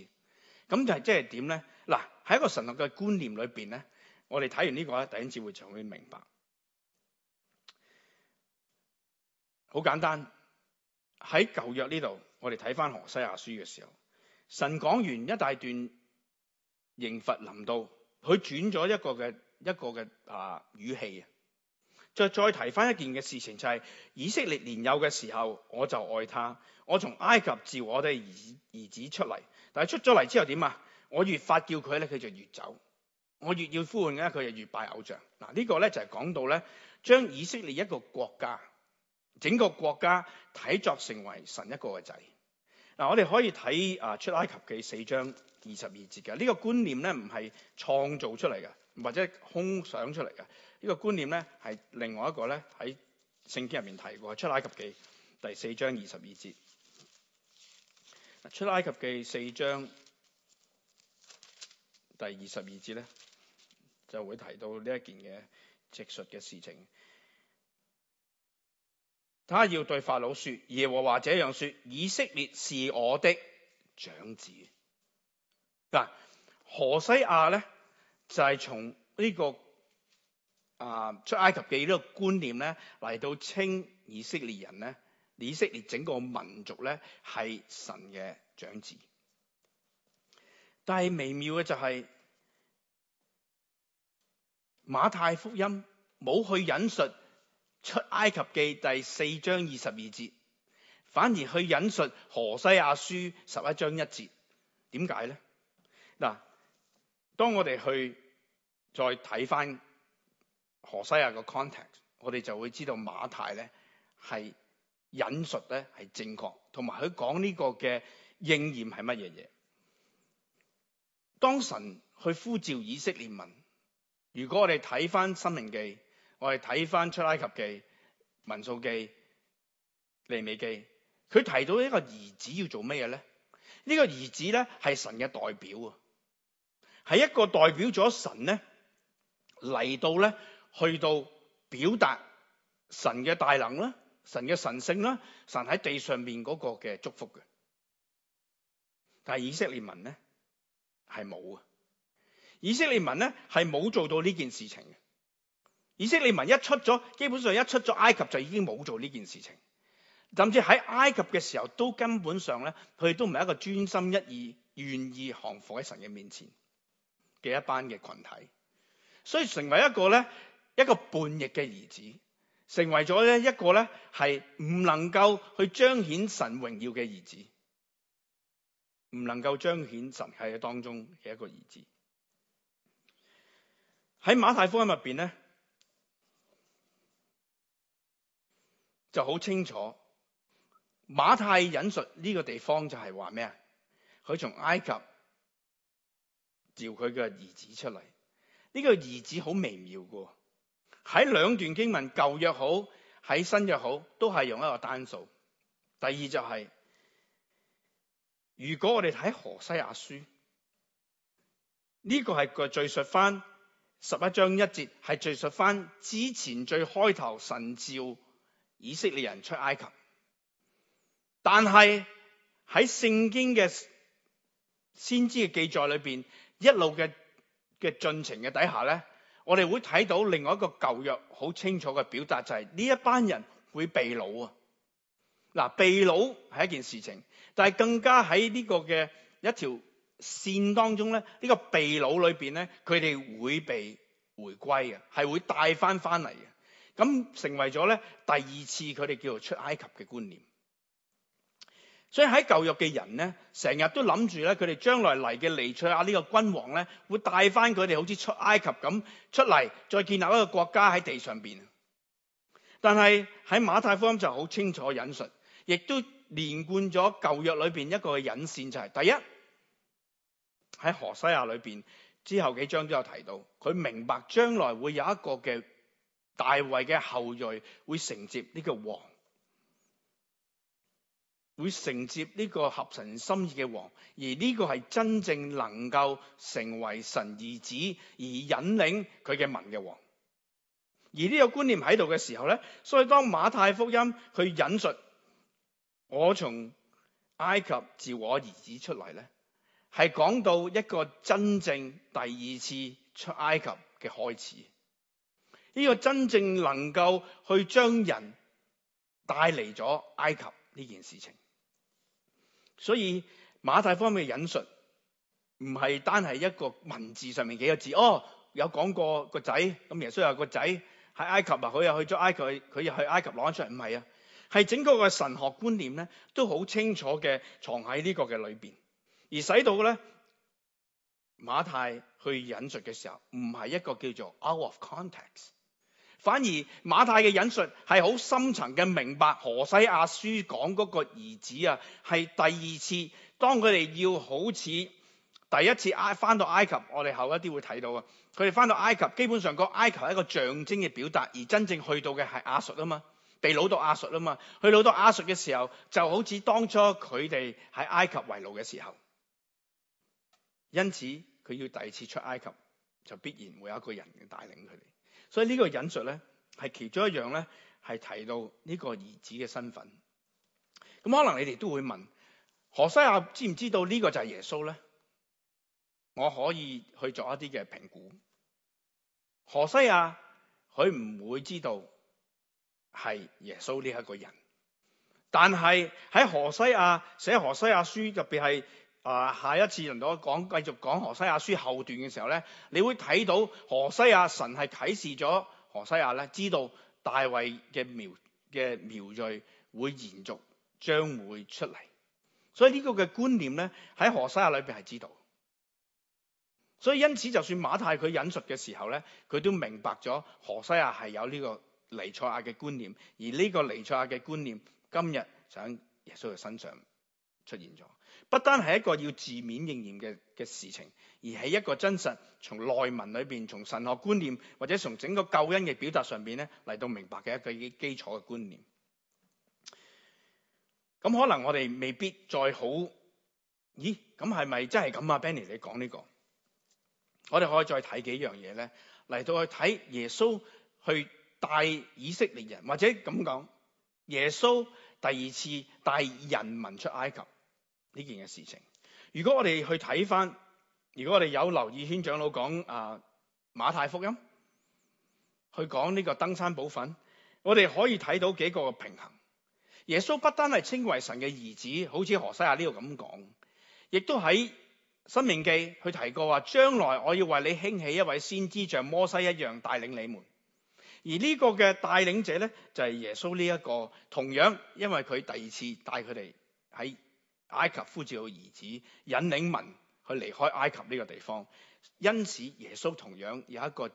咁就係、是、即係點咧？嗱，喺一個神學嘅觀念裏邊咧，我哋睇完呢、這個咧，第一次會就會明白。好簡單，喺舊約呢度，我哋睇翻何西阿書嘅時候，神講完一大段刑罰臨到，佢轉咗一個嘅。一個嘅啊語氣啊，再提翻一件嘅事情，就是，就係以色列年幼嘅時候，我就愛他，我從埃及召我哋兒兒子出嚟，但係出咗嚟之後點啊？我越發叫佢咧，佢就越走；我越要呼喚嘅，佢就越拜偶像。嗱、這個、呢個咧就係、是、講到咧，將以色列一個國家，整個國家睇作成為神一個嘅仔。嗱我哋可以睇啊出埃及記四章二十二節嘅呢個觀念咧，唔係創造出嚟嘅。或者空想出嚟嘅呢個觀念咧，係另外一個咧喺聖經入面提過，《出埃及記》第四章二十二節，《出埃及記》四章第二十二節咧，就會提到呢一件嘅直述嘅事情。他要對法老說：耶和華這樣說，以色列是我的長子。嗱，何西亞咧。就係從呢個啊出埃及記呢個觀念咧，嚟到稱以色列人咧，以色列整個民族咧係神嘅長子。但係微妙嘅就係、是、馬太福音冇去引述出埃及記第四章二十二節，反而去引述何西阿書十一章一節。點解咧？嗱、啊。當我哋去再睇翻何西亞嘅 context，我哋就會知道馬太咧係引述咧係正確，同埋佢講呢個嘅應驗係乜嘢嘢。當神去呼召以色列民，如果我哋睇翻申命記，我哋睇翻出埃及記、民數記、利未記，佢提到一個兒子要做咩嘢咧？這個、呢個兒子咧係神嘅代表。啊。係一個代表咗神咧嚟到咧，去到表達神嘅大能啦，神嘅神性啦，神喺地上面嗰個嘅祝福嘅。但係以色列民咧係冇啊！以色列民咧係冇做到呢件事情嘅。以色列民一出咗，基本上一出咗埃及就已經冇做呢件事情，甚至喺埃及嘅時候都根本上咧，佢哋都唔係一個專心一意願意降服喺神嘅面前，嘅一班嘅群體，所以成為一個咧一個叛逆嘅兒子，成為咗咧一個咧係唔能夠去彰顯神榮耀嘅兒子，唔能夠彰顯神喺當中嘅一個兒子。喺馬太福音入邊咧就好清楚，馬太引述呢個地方就係話咩啊？佢從埃及召佢嘅兒子出嚟，呢、這個兒子好微妙嘅喎，喺兩段經文舊約好，喺新約好，都係用一個單數。第二就係、是，如果我哋睇何西阿書，呢、這個係個敘述返十一章一節，係敘述返之前最開頭神召以色列人出埃及。但係喺聖經嘅先知嘅記載裏邊。一路嘅嘅進程嘅底下咧，我哋會睇到另外一個舊約好清楚嘅表達就係、是、呢一班人會被擄啊！嗱、啊，被擄係一件事情，但係更加喺呢個嘅一條線當中咧，呢、這個被擄裏邊咧，佢哋會被回歸嘅，係會帶翻翻嚟嘅，咁成為咗咧第二次佢哋叫做出埃及嘅觀念。所以喺舊約嘅人咧，成日都諗住咧，佢哋將來嚟嘅彌賽亞呢個君王咧，會帶翻佢哋好似出埃及咁出嚟，再建立一個國家喺地上面。但係喺馬太福音就好清楚引述，亦都連貫咗舊約裏面一個嘅引線，就係第一喺何西阿裏面，之後幾章都有提到，佢明白將來會有一個嘅大衛嘅後裔會承接呢個王。會承接呢個合神心意嘅王，而呢個係真正能夠成為神兒子，而引領佢嘅民嘅王。而呢個觀念喺度嘅時候呢，所以當馬太福音去引述我從埃及召我兒子出嚟呢，係講到一個真正第二次出埃及嘅開始。呢、這個真正能夠去將人帶嚟咗埃及呢件事情。所以馬太方面嘅引述唔係單係一個文字上面幾個字，哦，有講過個仔，咁耶穌有個仔喺埃及啊，佢又去咗埃及，佢又去埃及攞出嚟，唔係啊，係整個嘅神學觀念咧都好清楚嘅藏喺呢個嘅裏邊，而使到咧馬太去引述嘅時候，唔係一個叫做 out of context。反而馬太嘅引述係好深層嘅明白，何西阿書講嗰個兒子啊，係第二次當佢哋要好似第一次埃返到埃及，我哋後一啲會睇到啊。佢哋返到埃及，基本上個埃及係一個象徵嘅表達，而真正去到嘅係亞述啊嘛，被擄到亞述啊嘛，去擄到亞述嘅時候，就好似當初佢哋喺埃及為奴嘅時候。因此佢要第二次出埃及，就必然會有一個人帶領佢哋。所以呢個引述咧，係其中一樣咧，係提到呢個兒子嘅身份。咁可能你哋都會問：何西阿知唔知道呢個就係耶穌咧？我可以去做一啲嘅評估。何西阿佢唔會知道係耶穌呢一個人，但係喺何西阿寫何西阿書，特別係。啊！下一次輪到我講，繼續講何西阿書後段嘅時候咧，你會睇到何西阿神係啟示咗何西阿咧，知道大衛嘅苗嘅苗裔會延續，將會出嚟。所以呢個嘅觀念咧，喺何西阿裏邊係知道。所以因此，就算馬太佢引述嘅時候咧，佢都明白咗何西阿係有呢個彌賽亞嘅觀念，而呢個彌賽亞嘅觀念今日就喺耶穌嘅身上出現咗。不單係一個要字面應驗嘅嘅事情，而係一個真實從內文裏邊、從神學觀念或者從整個救恩嘅表達上邊咧嚟到明白嘅一個基礎嘅觀念。咁可能我哋未必再好，咦？咁係咪真係咁啊？Benny，你講呢個，我哋可以再睇幾樣嘢咧，嚟到去睇耶穌去帶以色列人，或者咁講，耶穌第二次帶人民出埃及。呢件嘅事情，如果我哋去睇翻，如果我哋有留意軒長老講啊馬太福音，去講呢個登山寶訓，我哋可以睇到幾個平衡。耶穌不單係稱為神嘅兒子，好似何西阿呢度咁講，亦都喺申命記去提過話，將來我要為你興起一位先知，像摩西一樣帶領你們。而呢個嘅帶領者呢，就係耶穌呢一個，同樣因為佢第二次帶佢哋喺。埃及呼召佢兒子，引領民去離開埃及呢個地方。因此耶穌同樣有一個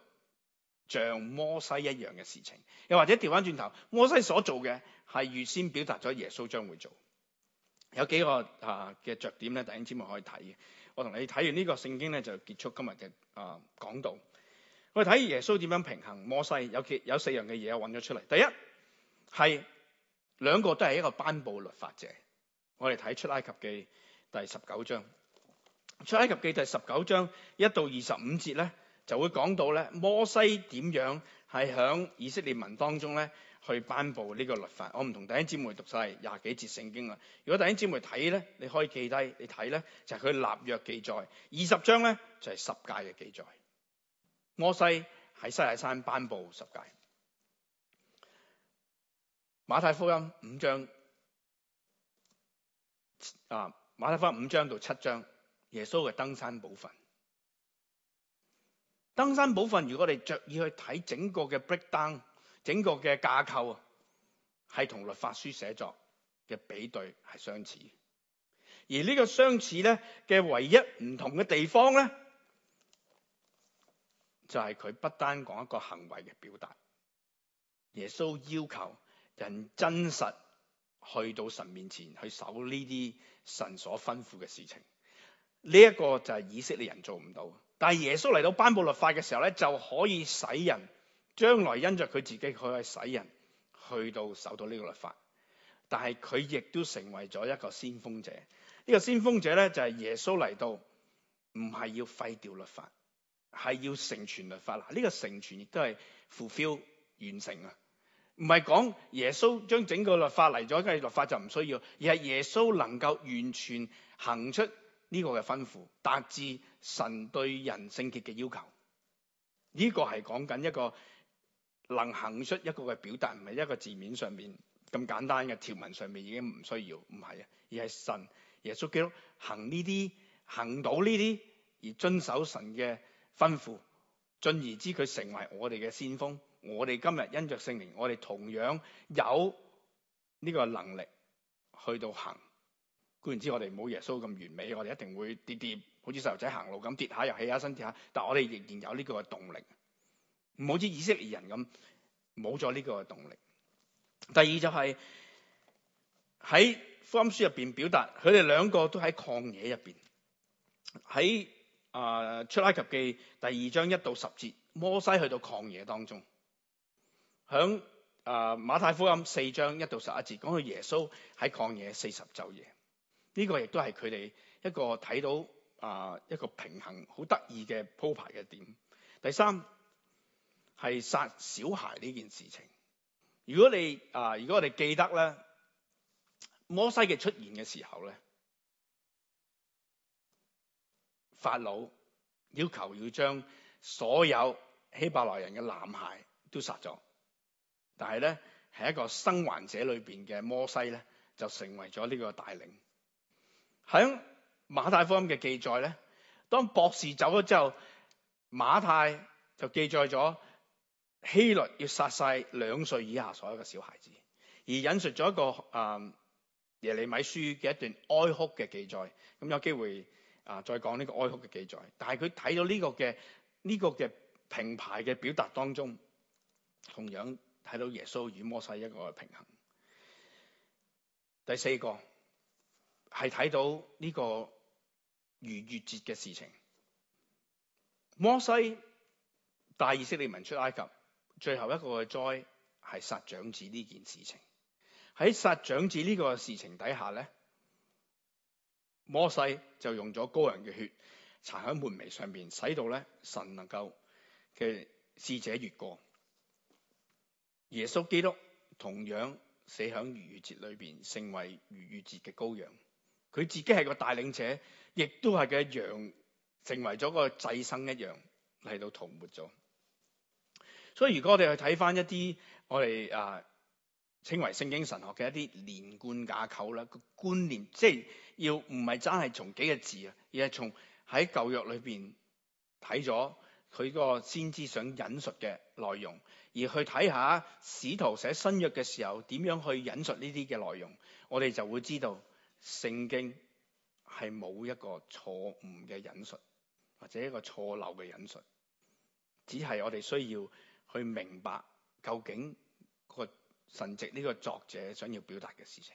像摩西一樣嘅事情。又或者調翻轉頭，摩西所做嘅係預先表達咗耶穌將會做。有幾個啊嘅著點咧，弟兄姊妹可以睇嘅。我同你睇完呢個聖經咧，就結束今日嘅啊講道。我哋睇耶穌點樣平衡摩西，有幾有四樣嘅嘢我揾咗出嚟。第一係兩個都係一個頒布律法者。我哋睇出埃及記第十九章，出埃及記第十九章一到二十五節咧，就會講到咧摩西點樣係響以色列民當中咧去頒布呢個律法。我唔同弟兄姊妹讀晒廿幾節聖經啊。如果弟兄姊妹睇咧，你可以記低，你睇咧就係佢立約記載。二十章咧就係、是、十誡嘅記載，摩西喺西奈山頒布十誡。馬太福音五章。啊，話得翻五章到七章，耶穌嘅登山部分，登山部分如果你着意去睇整個嘅 breakdown，整個嘅架構啊，係同律法書寫作嘅比對係相似，而呢個相似咧嘅唯一唔同嘅地方咧，就係佢不單講一個行為嘅表達，耶穌要求人真實。去到神面前去守呢啲神所吩咐嘅事情，呢一個就係以色列人做唔到。但係耶穌嚟到頒布律法嘅時候咧，就可以使人將來因着佢自己，佢可以使人去到守到呢個律法。但係佢亦都成為咗一個先鋒者。呢個先鋒者咧，就係耶穌嚟到，唔係要廢掉律法，係要成全律法。嗱，呢個成全亦都係 fulfill 完成啊。唔係講耶穌將整個律法嚟咗，跟律法就唔需要，而係耶穌能夠完全行出呢個嘅吩咐，達至神對人聖潔嘅要求。呢、呢個係講緊一個能行出一個嘅表達，唔係一個字面上面咁簡單嘅條文上面已經唔需要，唔係啊，而係神耶穌基督行呢啲行到呢啲而遵守神嘅吩咐，進而知佢成為我哋嘅先鋒。我哋今日因着聖靈，我哋同樣有呢個能力去到行。固然之，我哋冇耶穌咁完美，我哋一定會跌跌，好似細路仔行路咁跌下又起下身跌下。但係我哋仍然有呢個嘅動力，唔好似以色列人咁冇咗呢個嘅動力。第二就係、是、喺福音書入邊表達，佢哋兩個都喺曠野入邊。喺啊、呃、出埃及記第二章一到十節，摩西去到曠野當中。響啊馬太福音四章一到十一節，講到耶穌喺曠野四十晝夜，呢個亦都係佢哋一個睇到啊一個平衡好得意嘅鋪排嘅點。第三係殺小孩呢件事情。如果你啊，如果我哋記得咧，摩西嘅出現嘅時候咧，法老要求要將所有希伯來人嘅男孩都殺咗。但係咧，係一個生還者裏邊嘅摩西咧，就成為咗呢個大領。喺馬太福音嘅記載咧，當博士走咗之後，馬太就記載咗希律要殺晒兩歲以下所有嘅小孩子，而引述咗一個誒、嗯、耶利米書嘅一段哀哭嘅記載。咁有機會啊，再講呢個哀哭嘅記載。但係佢睇到呢個嘅呢、呢個嘅平排嘅表達當中，同樣。睇到耶穌與摩西一個平衡。第四個係睇到呢個逾越節嘅事情。摩西帶以色列民出埃及，最後一個嘅災係殺長子呢件事情。喺殺長子呢個事情底下咧，摩西就用咗高人嘅血擦喺門楣上邊，使到咧神能夠嘅使者越過。耶穌基督同樣死喺逾越節裏邊，成為逾越節嘅羔羊。佢自己係個帶領者，亦都係佢嘅羊，成為咗個祭牲一樣嚟到塗抹咗。所以如果我哋去睇翻一啲我哋啊稱為聖經神學嘅一啲連貫架構啦，個觀念即係要唔係真係從幾個字啊，而係從喺舊約裏邊睇咗。佢個先知想引述嘅內容，而去睇下使徒寫新約嘅時候點樣去引述呢啲嘅內容，我哋就會知道聖經係冇一個錯誤嘅引述，或者一個錯漏嘅引述，只係我哋需要去明白究竟個神藉呢個作者想要表達嘅事情。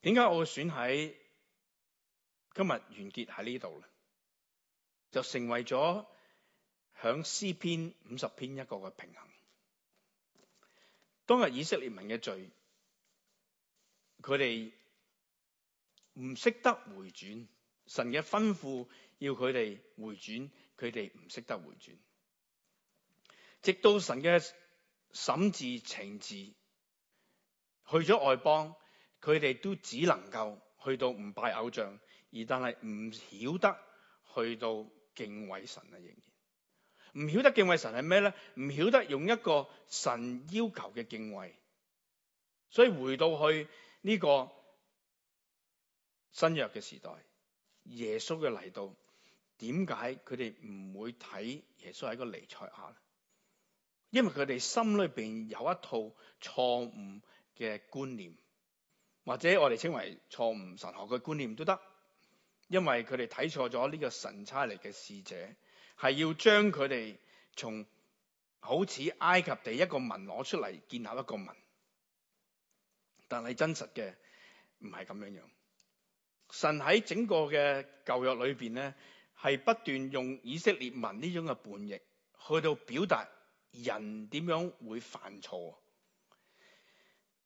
點解我會選喺今日完結喺呢度咧？就成為咗響詩篇五十篇一個嘅平衡。當日以色列民嘅罪，佢哋唔識得回轉，神嘅吩咐要佢哋回轉，佢哋唔識得回轉。直到神嘅審治懲治，去咗外邦，佢哋都只能夠去到唔拜偶像，而但係唔曉得去到。敬畏神啊，仍然唔曉得敬畏神係咩咧？唔曉得用一個神要求嘅敬畏，所以回到去呢個新約嘅時代，耶穌嘅嚟到，點解佢哋唔會睇耶穌係一個彌賽亞咧？因為佢哋心裏邊有一套錯誤嘅觀念，或者我哋稱為錯誤神學嘅觀念都得。因為佢哋睇錯咗呢個神差嚟嘅使者，係要將佢哋從好似埃及地一個民攞出嚟建立一個民，但係真實嘅唔係咁樣樣。神喺整個嘅舊約裏邊咧，係不斷用以色列民呢種嘅叛逆，去到表達人點樣會犯錯，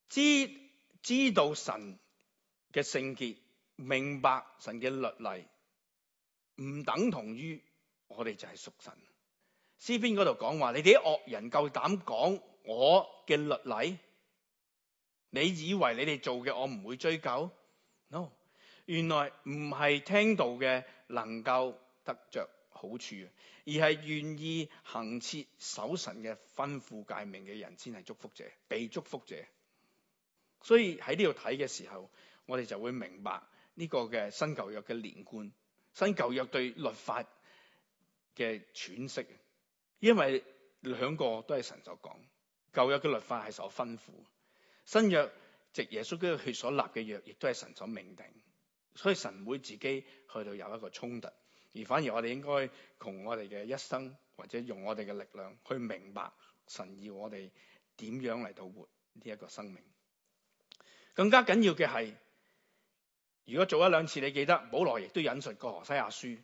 知知道神嘅聖潔。明白神嘅律例唔等同於我哋就係屬神。詩篇嗰度講話，你哋啲惡人夠膽講我嘅律例，你以為你哋做嘅我唔會追究？no，原來唔係聽道嘅能夠得着好處，而係願意行切守神嘅吩咐誡命嘅人先係祝福者，被祝福者。所以喺呢度睇嘅時候，我哋就會明白。呢個嘅新舊約嘅連貫，新舊約對律法嘅詮釋，因為兩個都係神所講，舊約嘅律法係所吩咐，新約藉耶穌嘅血所立嘅約，亦都係神所命定，所以神唔會自己去到有一個衝突，而反而我哋應該同我哋嘅一生或者用我哋嘅力量去明白神要我哋點樣嚟到活呢一個生命，更加緊要嘅係。如果做一兩次，你記得，保羅亦都引述過何西阿書，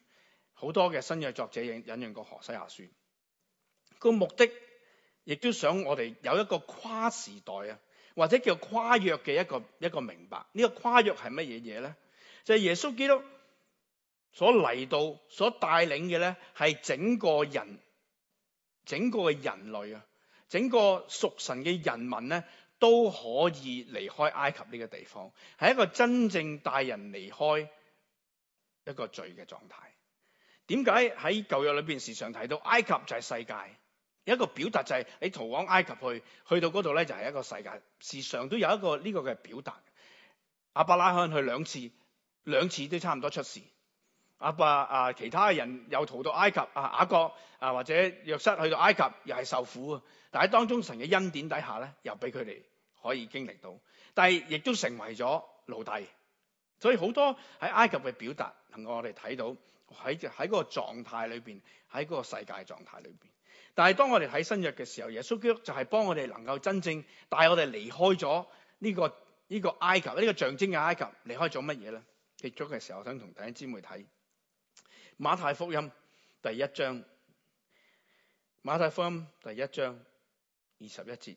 好多嘅新約作者引引用過何西阿書。這個目的亦都想我哋有一個跨時代啊，或者叫跨約嘅一個一個明白。這個、是什麼呢個跨約係乜嘢嘢咧？就係、是、耶穌基督所嚟到、所帶領嘅咧，係整個人、整個人類啊、整個屬神嘅人民咧。都可以離開埃及呢個地方，係一個真正帶人離開一個罪嘅狀態。點解喺舊約裏面時常提到埃及就係世界？有一個表達就係、是、你逃往埃及去，去到嗰度呢就係、是、一個世界。時常都有一個呢、這個嘅表達。亞伯拉罕去兩次，兩次都差唔多出事。阿伯啊，其他人又逃到埃及啊，雅各啊，或者約瑟去到埃及又係受苦啊。但係當中神嘅恩典底下咧，又俾佢哋可以經歷到。但係亦都成為咗奴隸。所以好多喺埃及嘅表達，能夠我哋睇到喺喺個狀態裏邊，喺嗰個世界狀態裏邊。但係當我哋喺新約嘅時候，耶穌基督就係幫我哋能夠真正帶我哋離開咗呢個呢個埃及呢個象徵嘅埃及。離開咗乜嘢咧？結束嘅時候，我想同弟兄姊妹睇。馬太福音第一章，馬太福音第一章二十一節，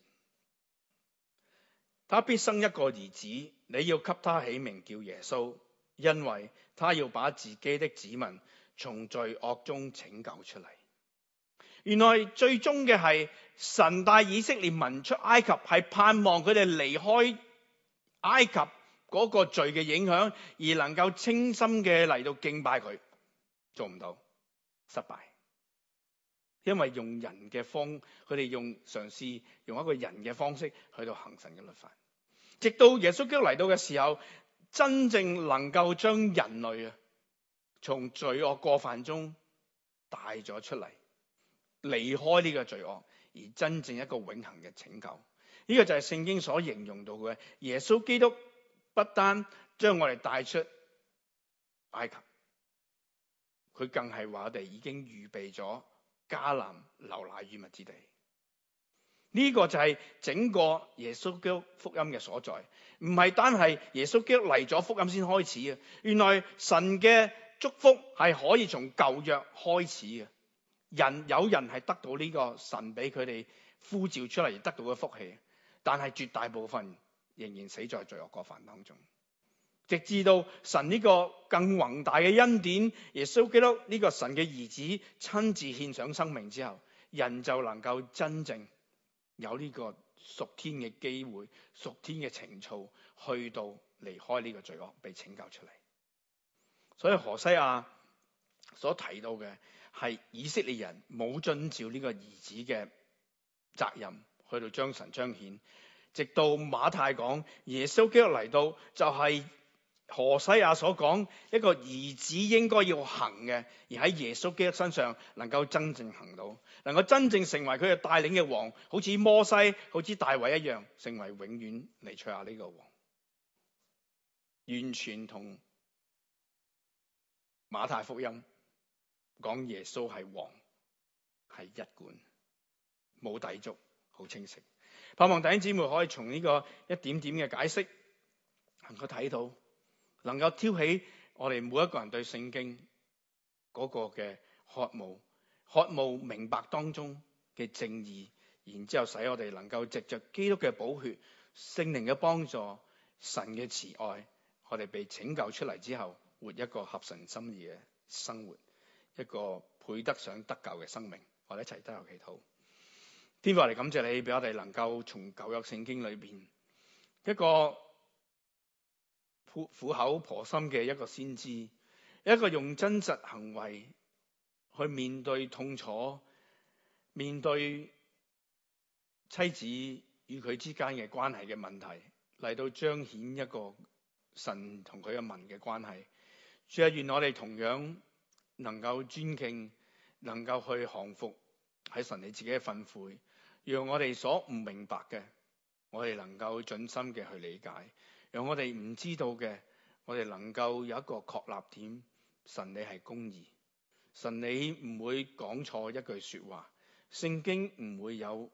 他必生一個兒子，你要給他起名叫耶穌，因為他要把自己的子民從罪惡中拯救出來。原來最終嘅係，神帶以色列民出埃及，係盼望佢哋離開埃及嗰個罪嘅影響，而能夠清心嘅嚟到敬拜佢。做唔到，失敗，因為用人嘅方，佢哋用嘗試用一個人嘅方式去到行神嘅律法，直到耶穌基督嚟到嘅時候，真正能夠將人類啊，從罪惡過犯中帶咗出嚟，離開呢個罪惡，而真正一個永恒嘅拯救，呢個就係聖經所形容到嘅耶穌基督不單將我哋帶出埃及。佢更係話：我哋已經預備咗迦南流奶與蜜之地。呢個就係整個耶穌基督福音嘅所在，唔係單係耶穌基督嚟咗福音先開始啊！原來神嘅祝福係可以從舊約開始嘅。人有人係得到呢個神俾佢哋呼召出嚟而得到嘅福氣，但係絕大部分仍然死在罪惡過犯當中。直至到神呢個更宏大嘅恩典，耶穌基督呢個神嘅兒子親自獻上生命之後，人就能夠真正有呢個屬天嘅機會、屬天嘅情操，去到離開呢個罪惡，被拯救出嚟。所以何西阿所提到嘅係以色列人冇遵照呢個兒子嘅責任，去到將神彰顯。直到馬太講耶穌基督嚟到，就係、是。何西亞所講一個兒子應該要行嘅，而喺耶穌基督身上能夠真正行到，能夠真正成為佢嘅帶領嘅王，好似摩西、好似大衛一樣，成為永遠彌賽亞呢個王，完全同馬太福音講耶穌係王係一貫，冇抵觸，好清晰。盼望弟兄姊妹可以從呢個一點點嘅解釋，能夠睇到。能夠挑起我哋每一個人對聖經嗰個嘅渴慕，渴慕明白當中嘅正義，然之後使我哋能夠藉着基督嘅寶血、聖靈嘅幫助、神嘅慈愛，我哋被拯救出嚟之後，活一個合神心意嘅生活，一個配得上得救嘅生命。我哋一齊低頭祈禱。天父，我哋感謝你，俾我哋能夠從舊約聖經裏邊一個，苦口婆心嘅一個先知，一個用真實行為去面對痛楚，面對妻子與佢之間嘅關係嘅問題，嚟到彰顯一個神同佢嘅民嘅關係。主啊，願我哋同樣能夠尊敬，能夠去降服喺神裏自己嘅憤悔，讓我哋所唔明白嘅，我哋能夠盡心嘅去理解。讓我哋唔知道嘅，我哋能夠有一個確立點。神你係公義，神你唔會講錯一句說話，聖經唔會有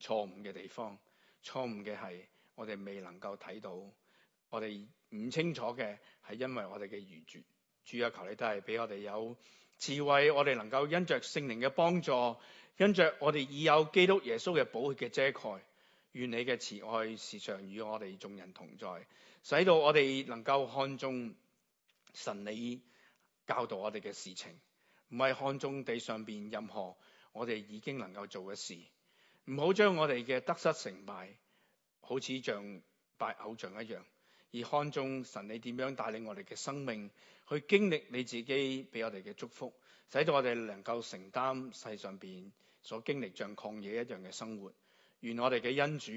錯誤嘅地方。錯誤嘅係我哋未能夠睇到，我哋唔清楚嘅係因為我哋嘅愚拙。主啊，求你都係俾我哋有智慧，我哋能夠因着聖靈嘅幫助，因着我哋已有基督耶穌嘅寶血嘅遮蓋。願你嘅慈愛時常與我哋眾人同在，使到我哋能夠看中神你教導我哋嘅事情，唔係看中地上邊任何我哋已經能夠做嘅事，唔好將我哋嘅得失成敗，好似像，像拜偶像一樣，而看中神你點樣帶領我哋嘅生命，去經歷你自己俾我哋嘅祝福，使到我哋能夠承擔世上邊所經歷像曠野一樣嘅生活。.願我哋嘅恩主，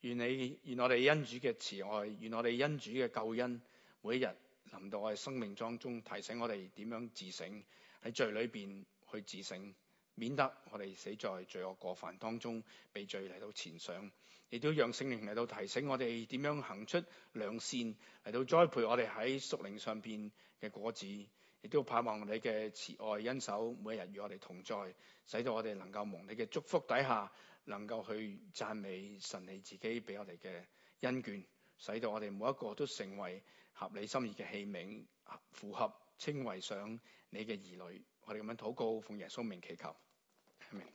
願你，願我哋恩主嘅慈愛，願我哋恩主嘅救恩，每一日臨到我哋生命當中，提醒我哋點樣自省，喺罪裏邊去自省，免得我哋死在罪惡過犯當中被罪嚟到纏上。亦都讓聖靈嚟到提醒我哋點樣行出良善，嚟到栽培我哋喺屬靈上邊嘅果子。亦都盼望你嘅慈愛恩手，每一日與我哋同在，使到我哋能夠蒙你嘅祝福底下。能夠去讚美神，你自己俾我哋嘅恩眷，使到我哋每一個都成為合你心意嘅器皿，符合稱為上你嘅兒女。我哋咁樣禱告，奉耶穌名祈求，Amen。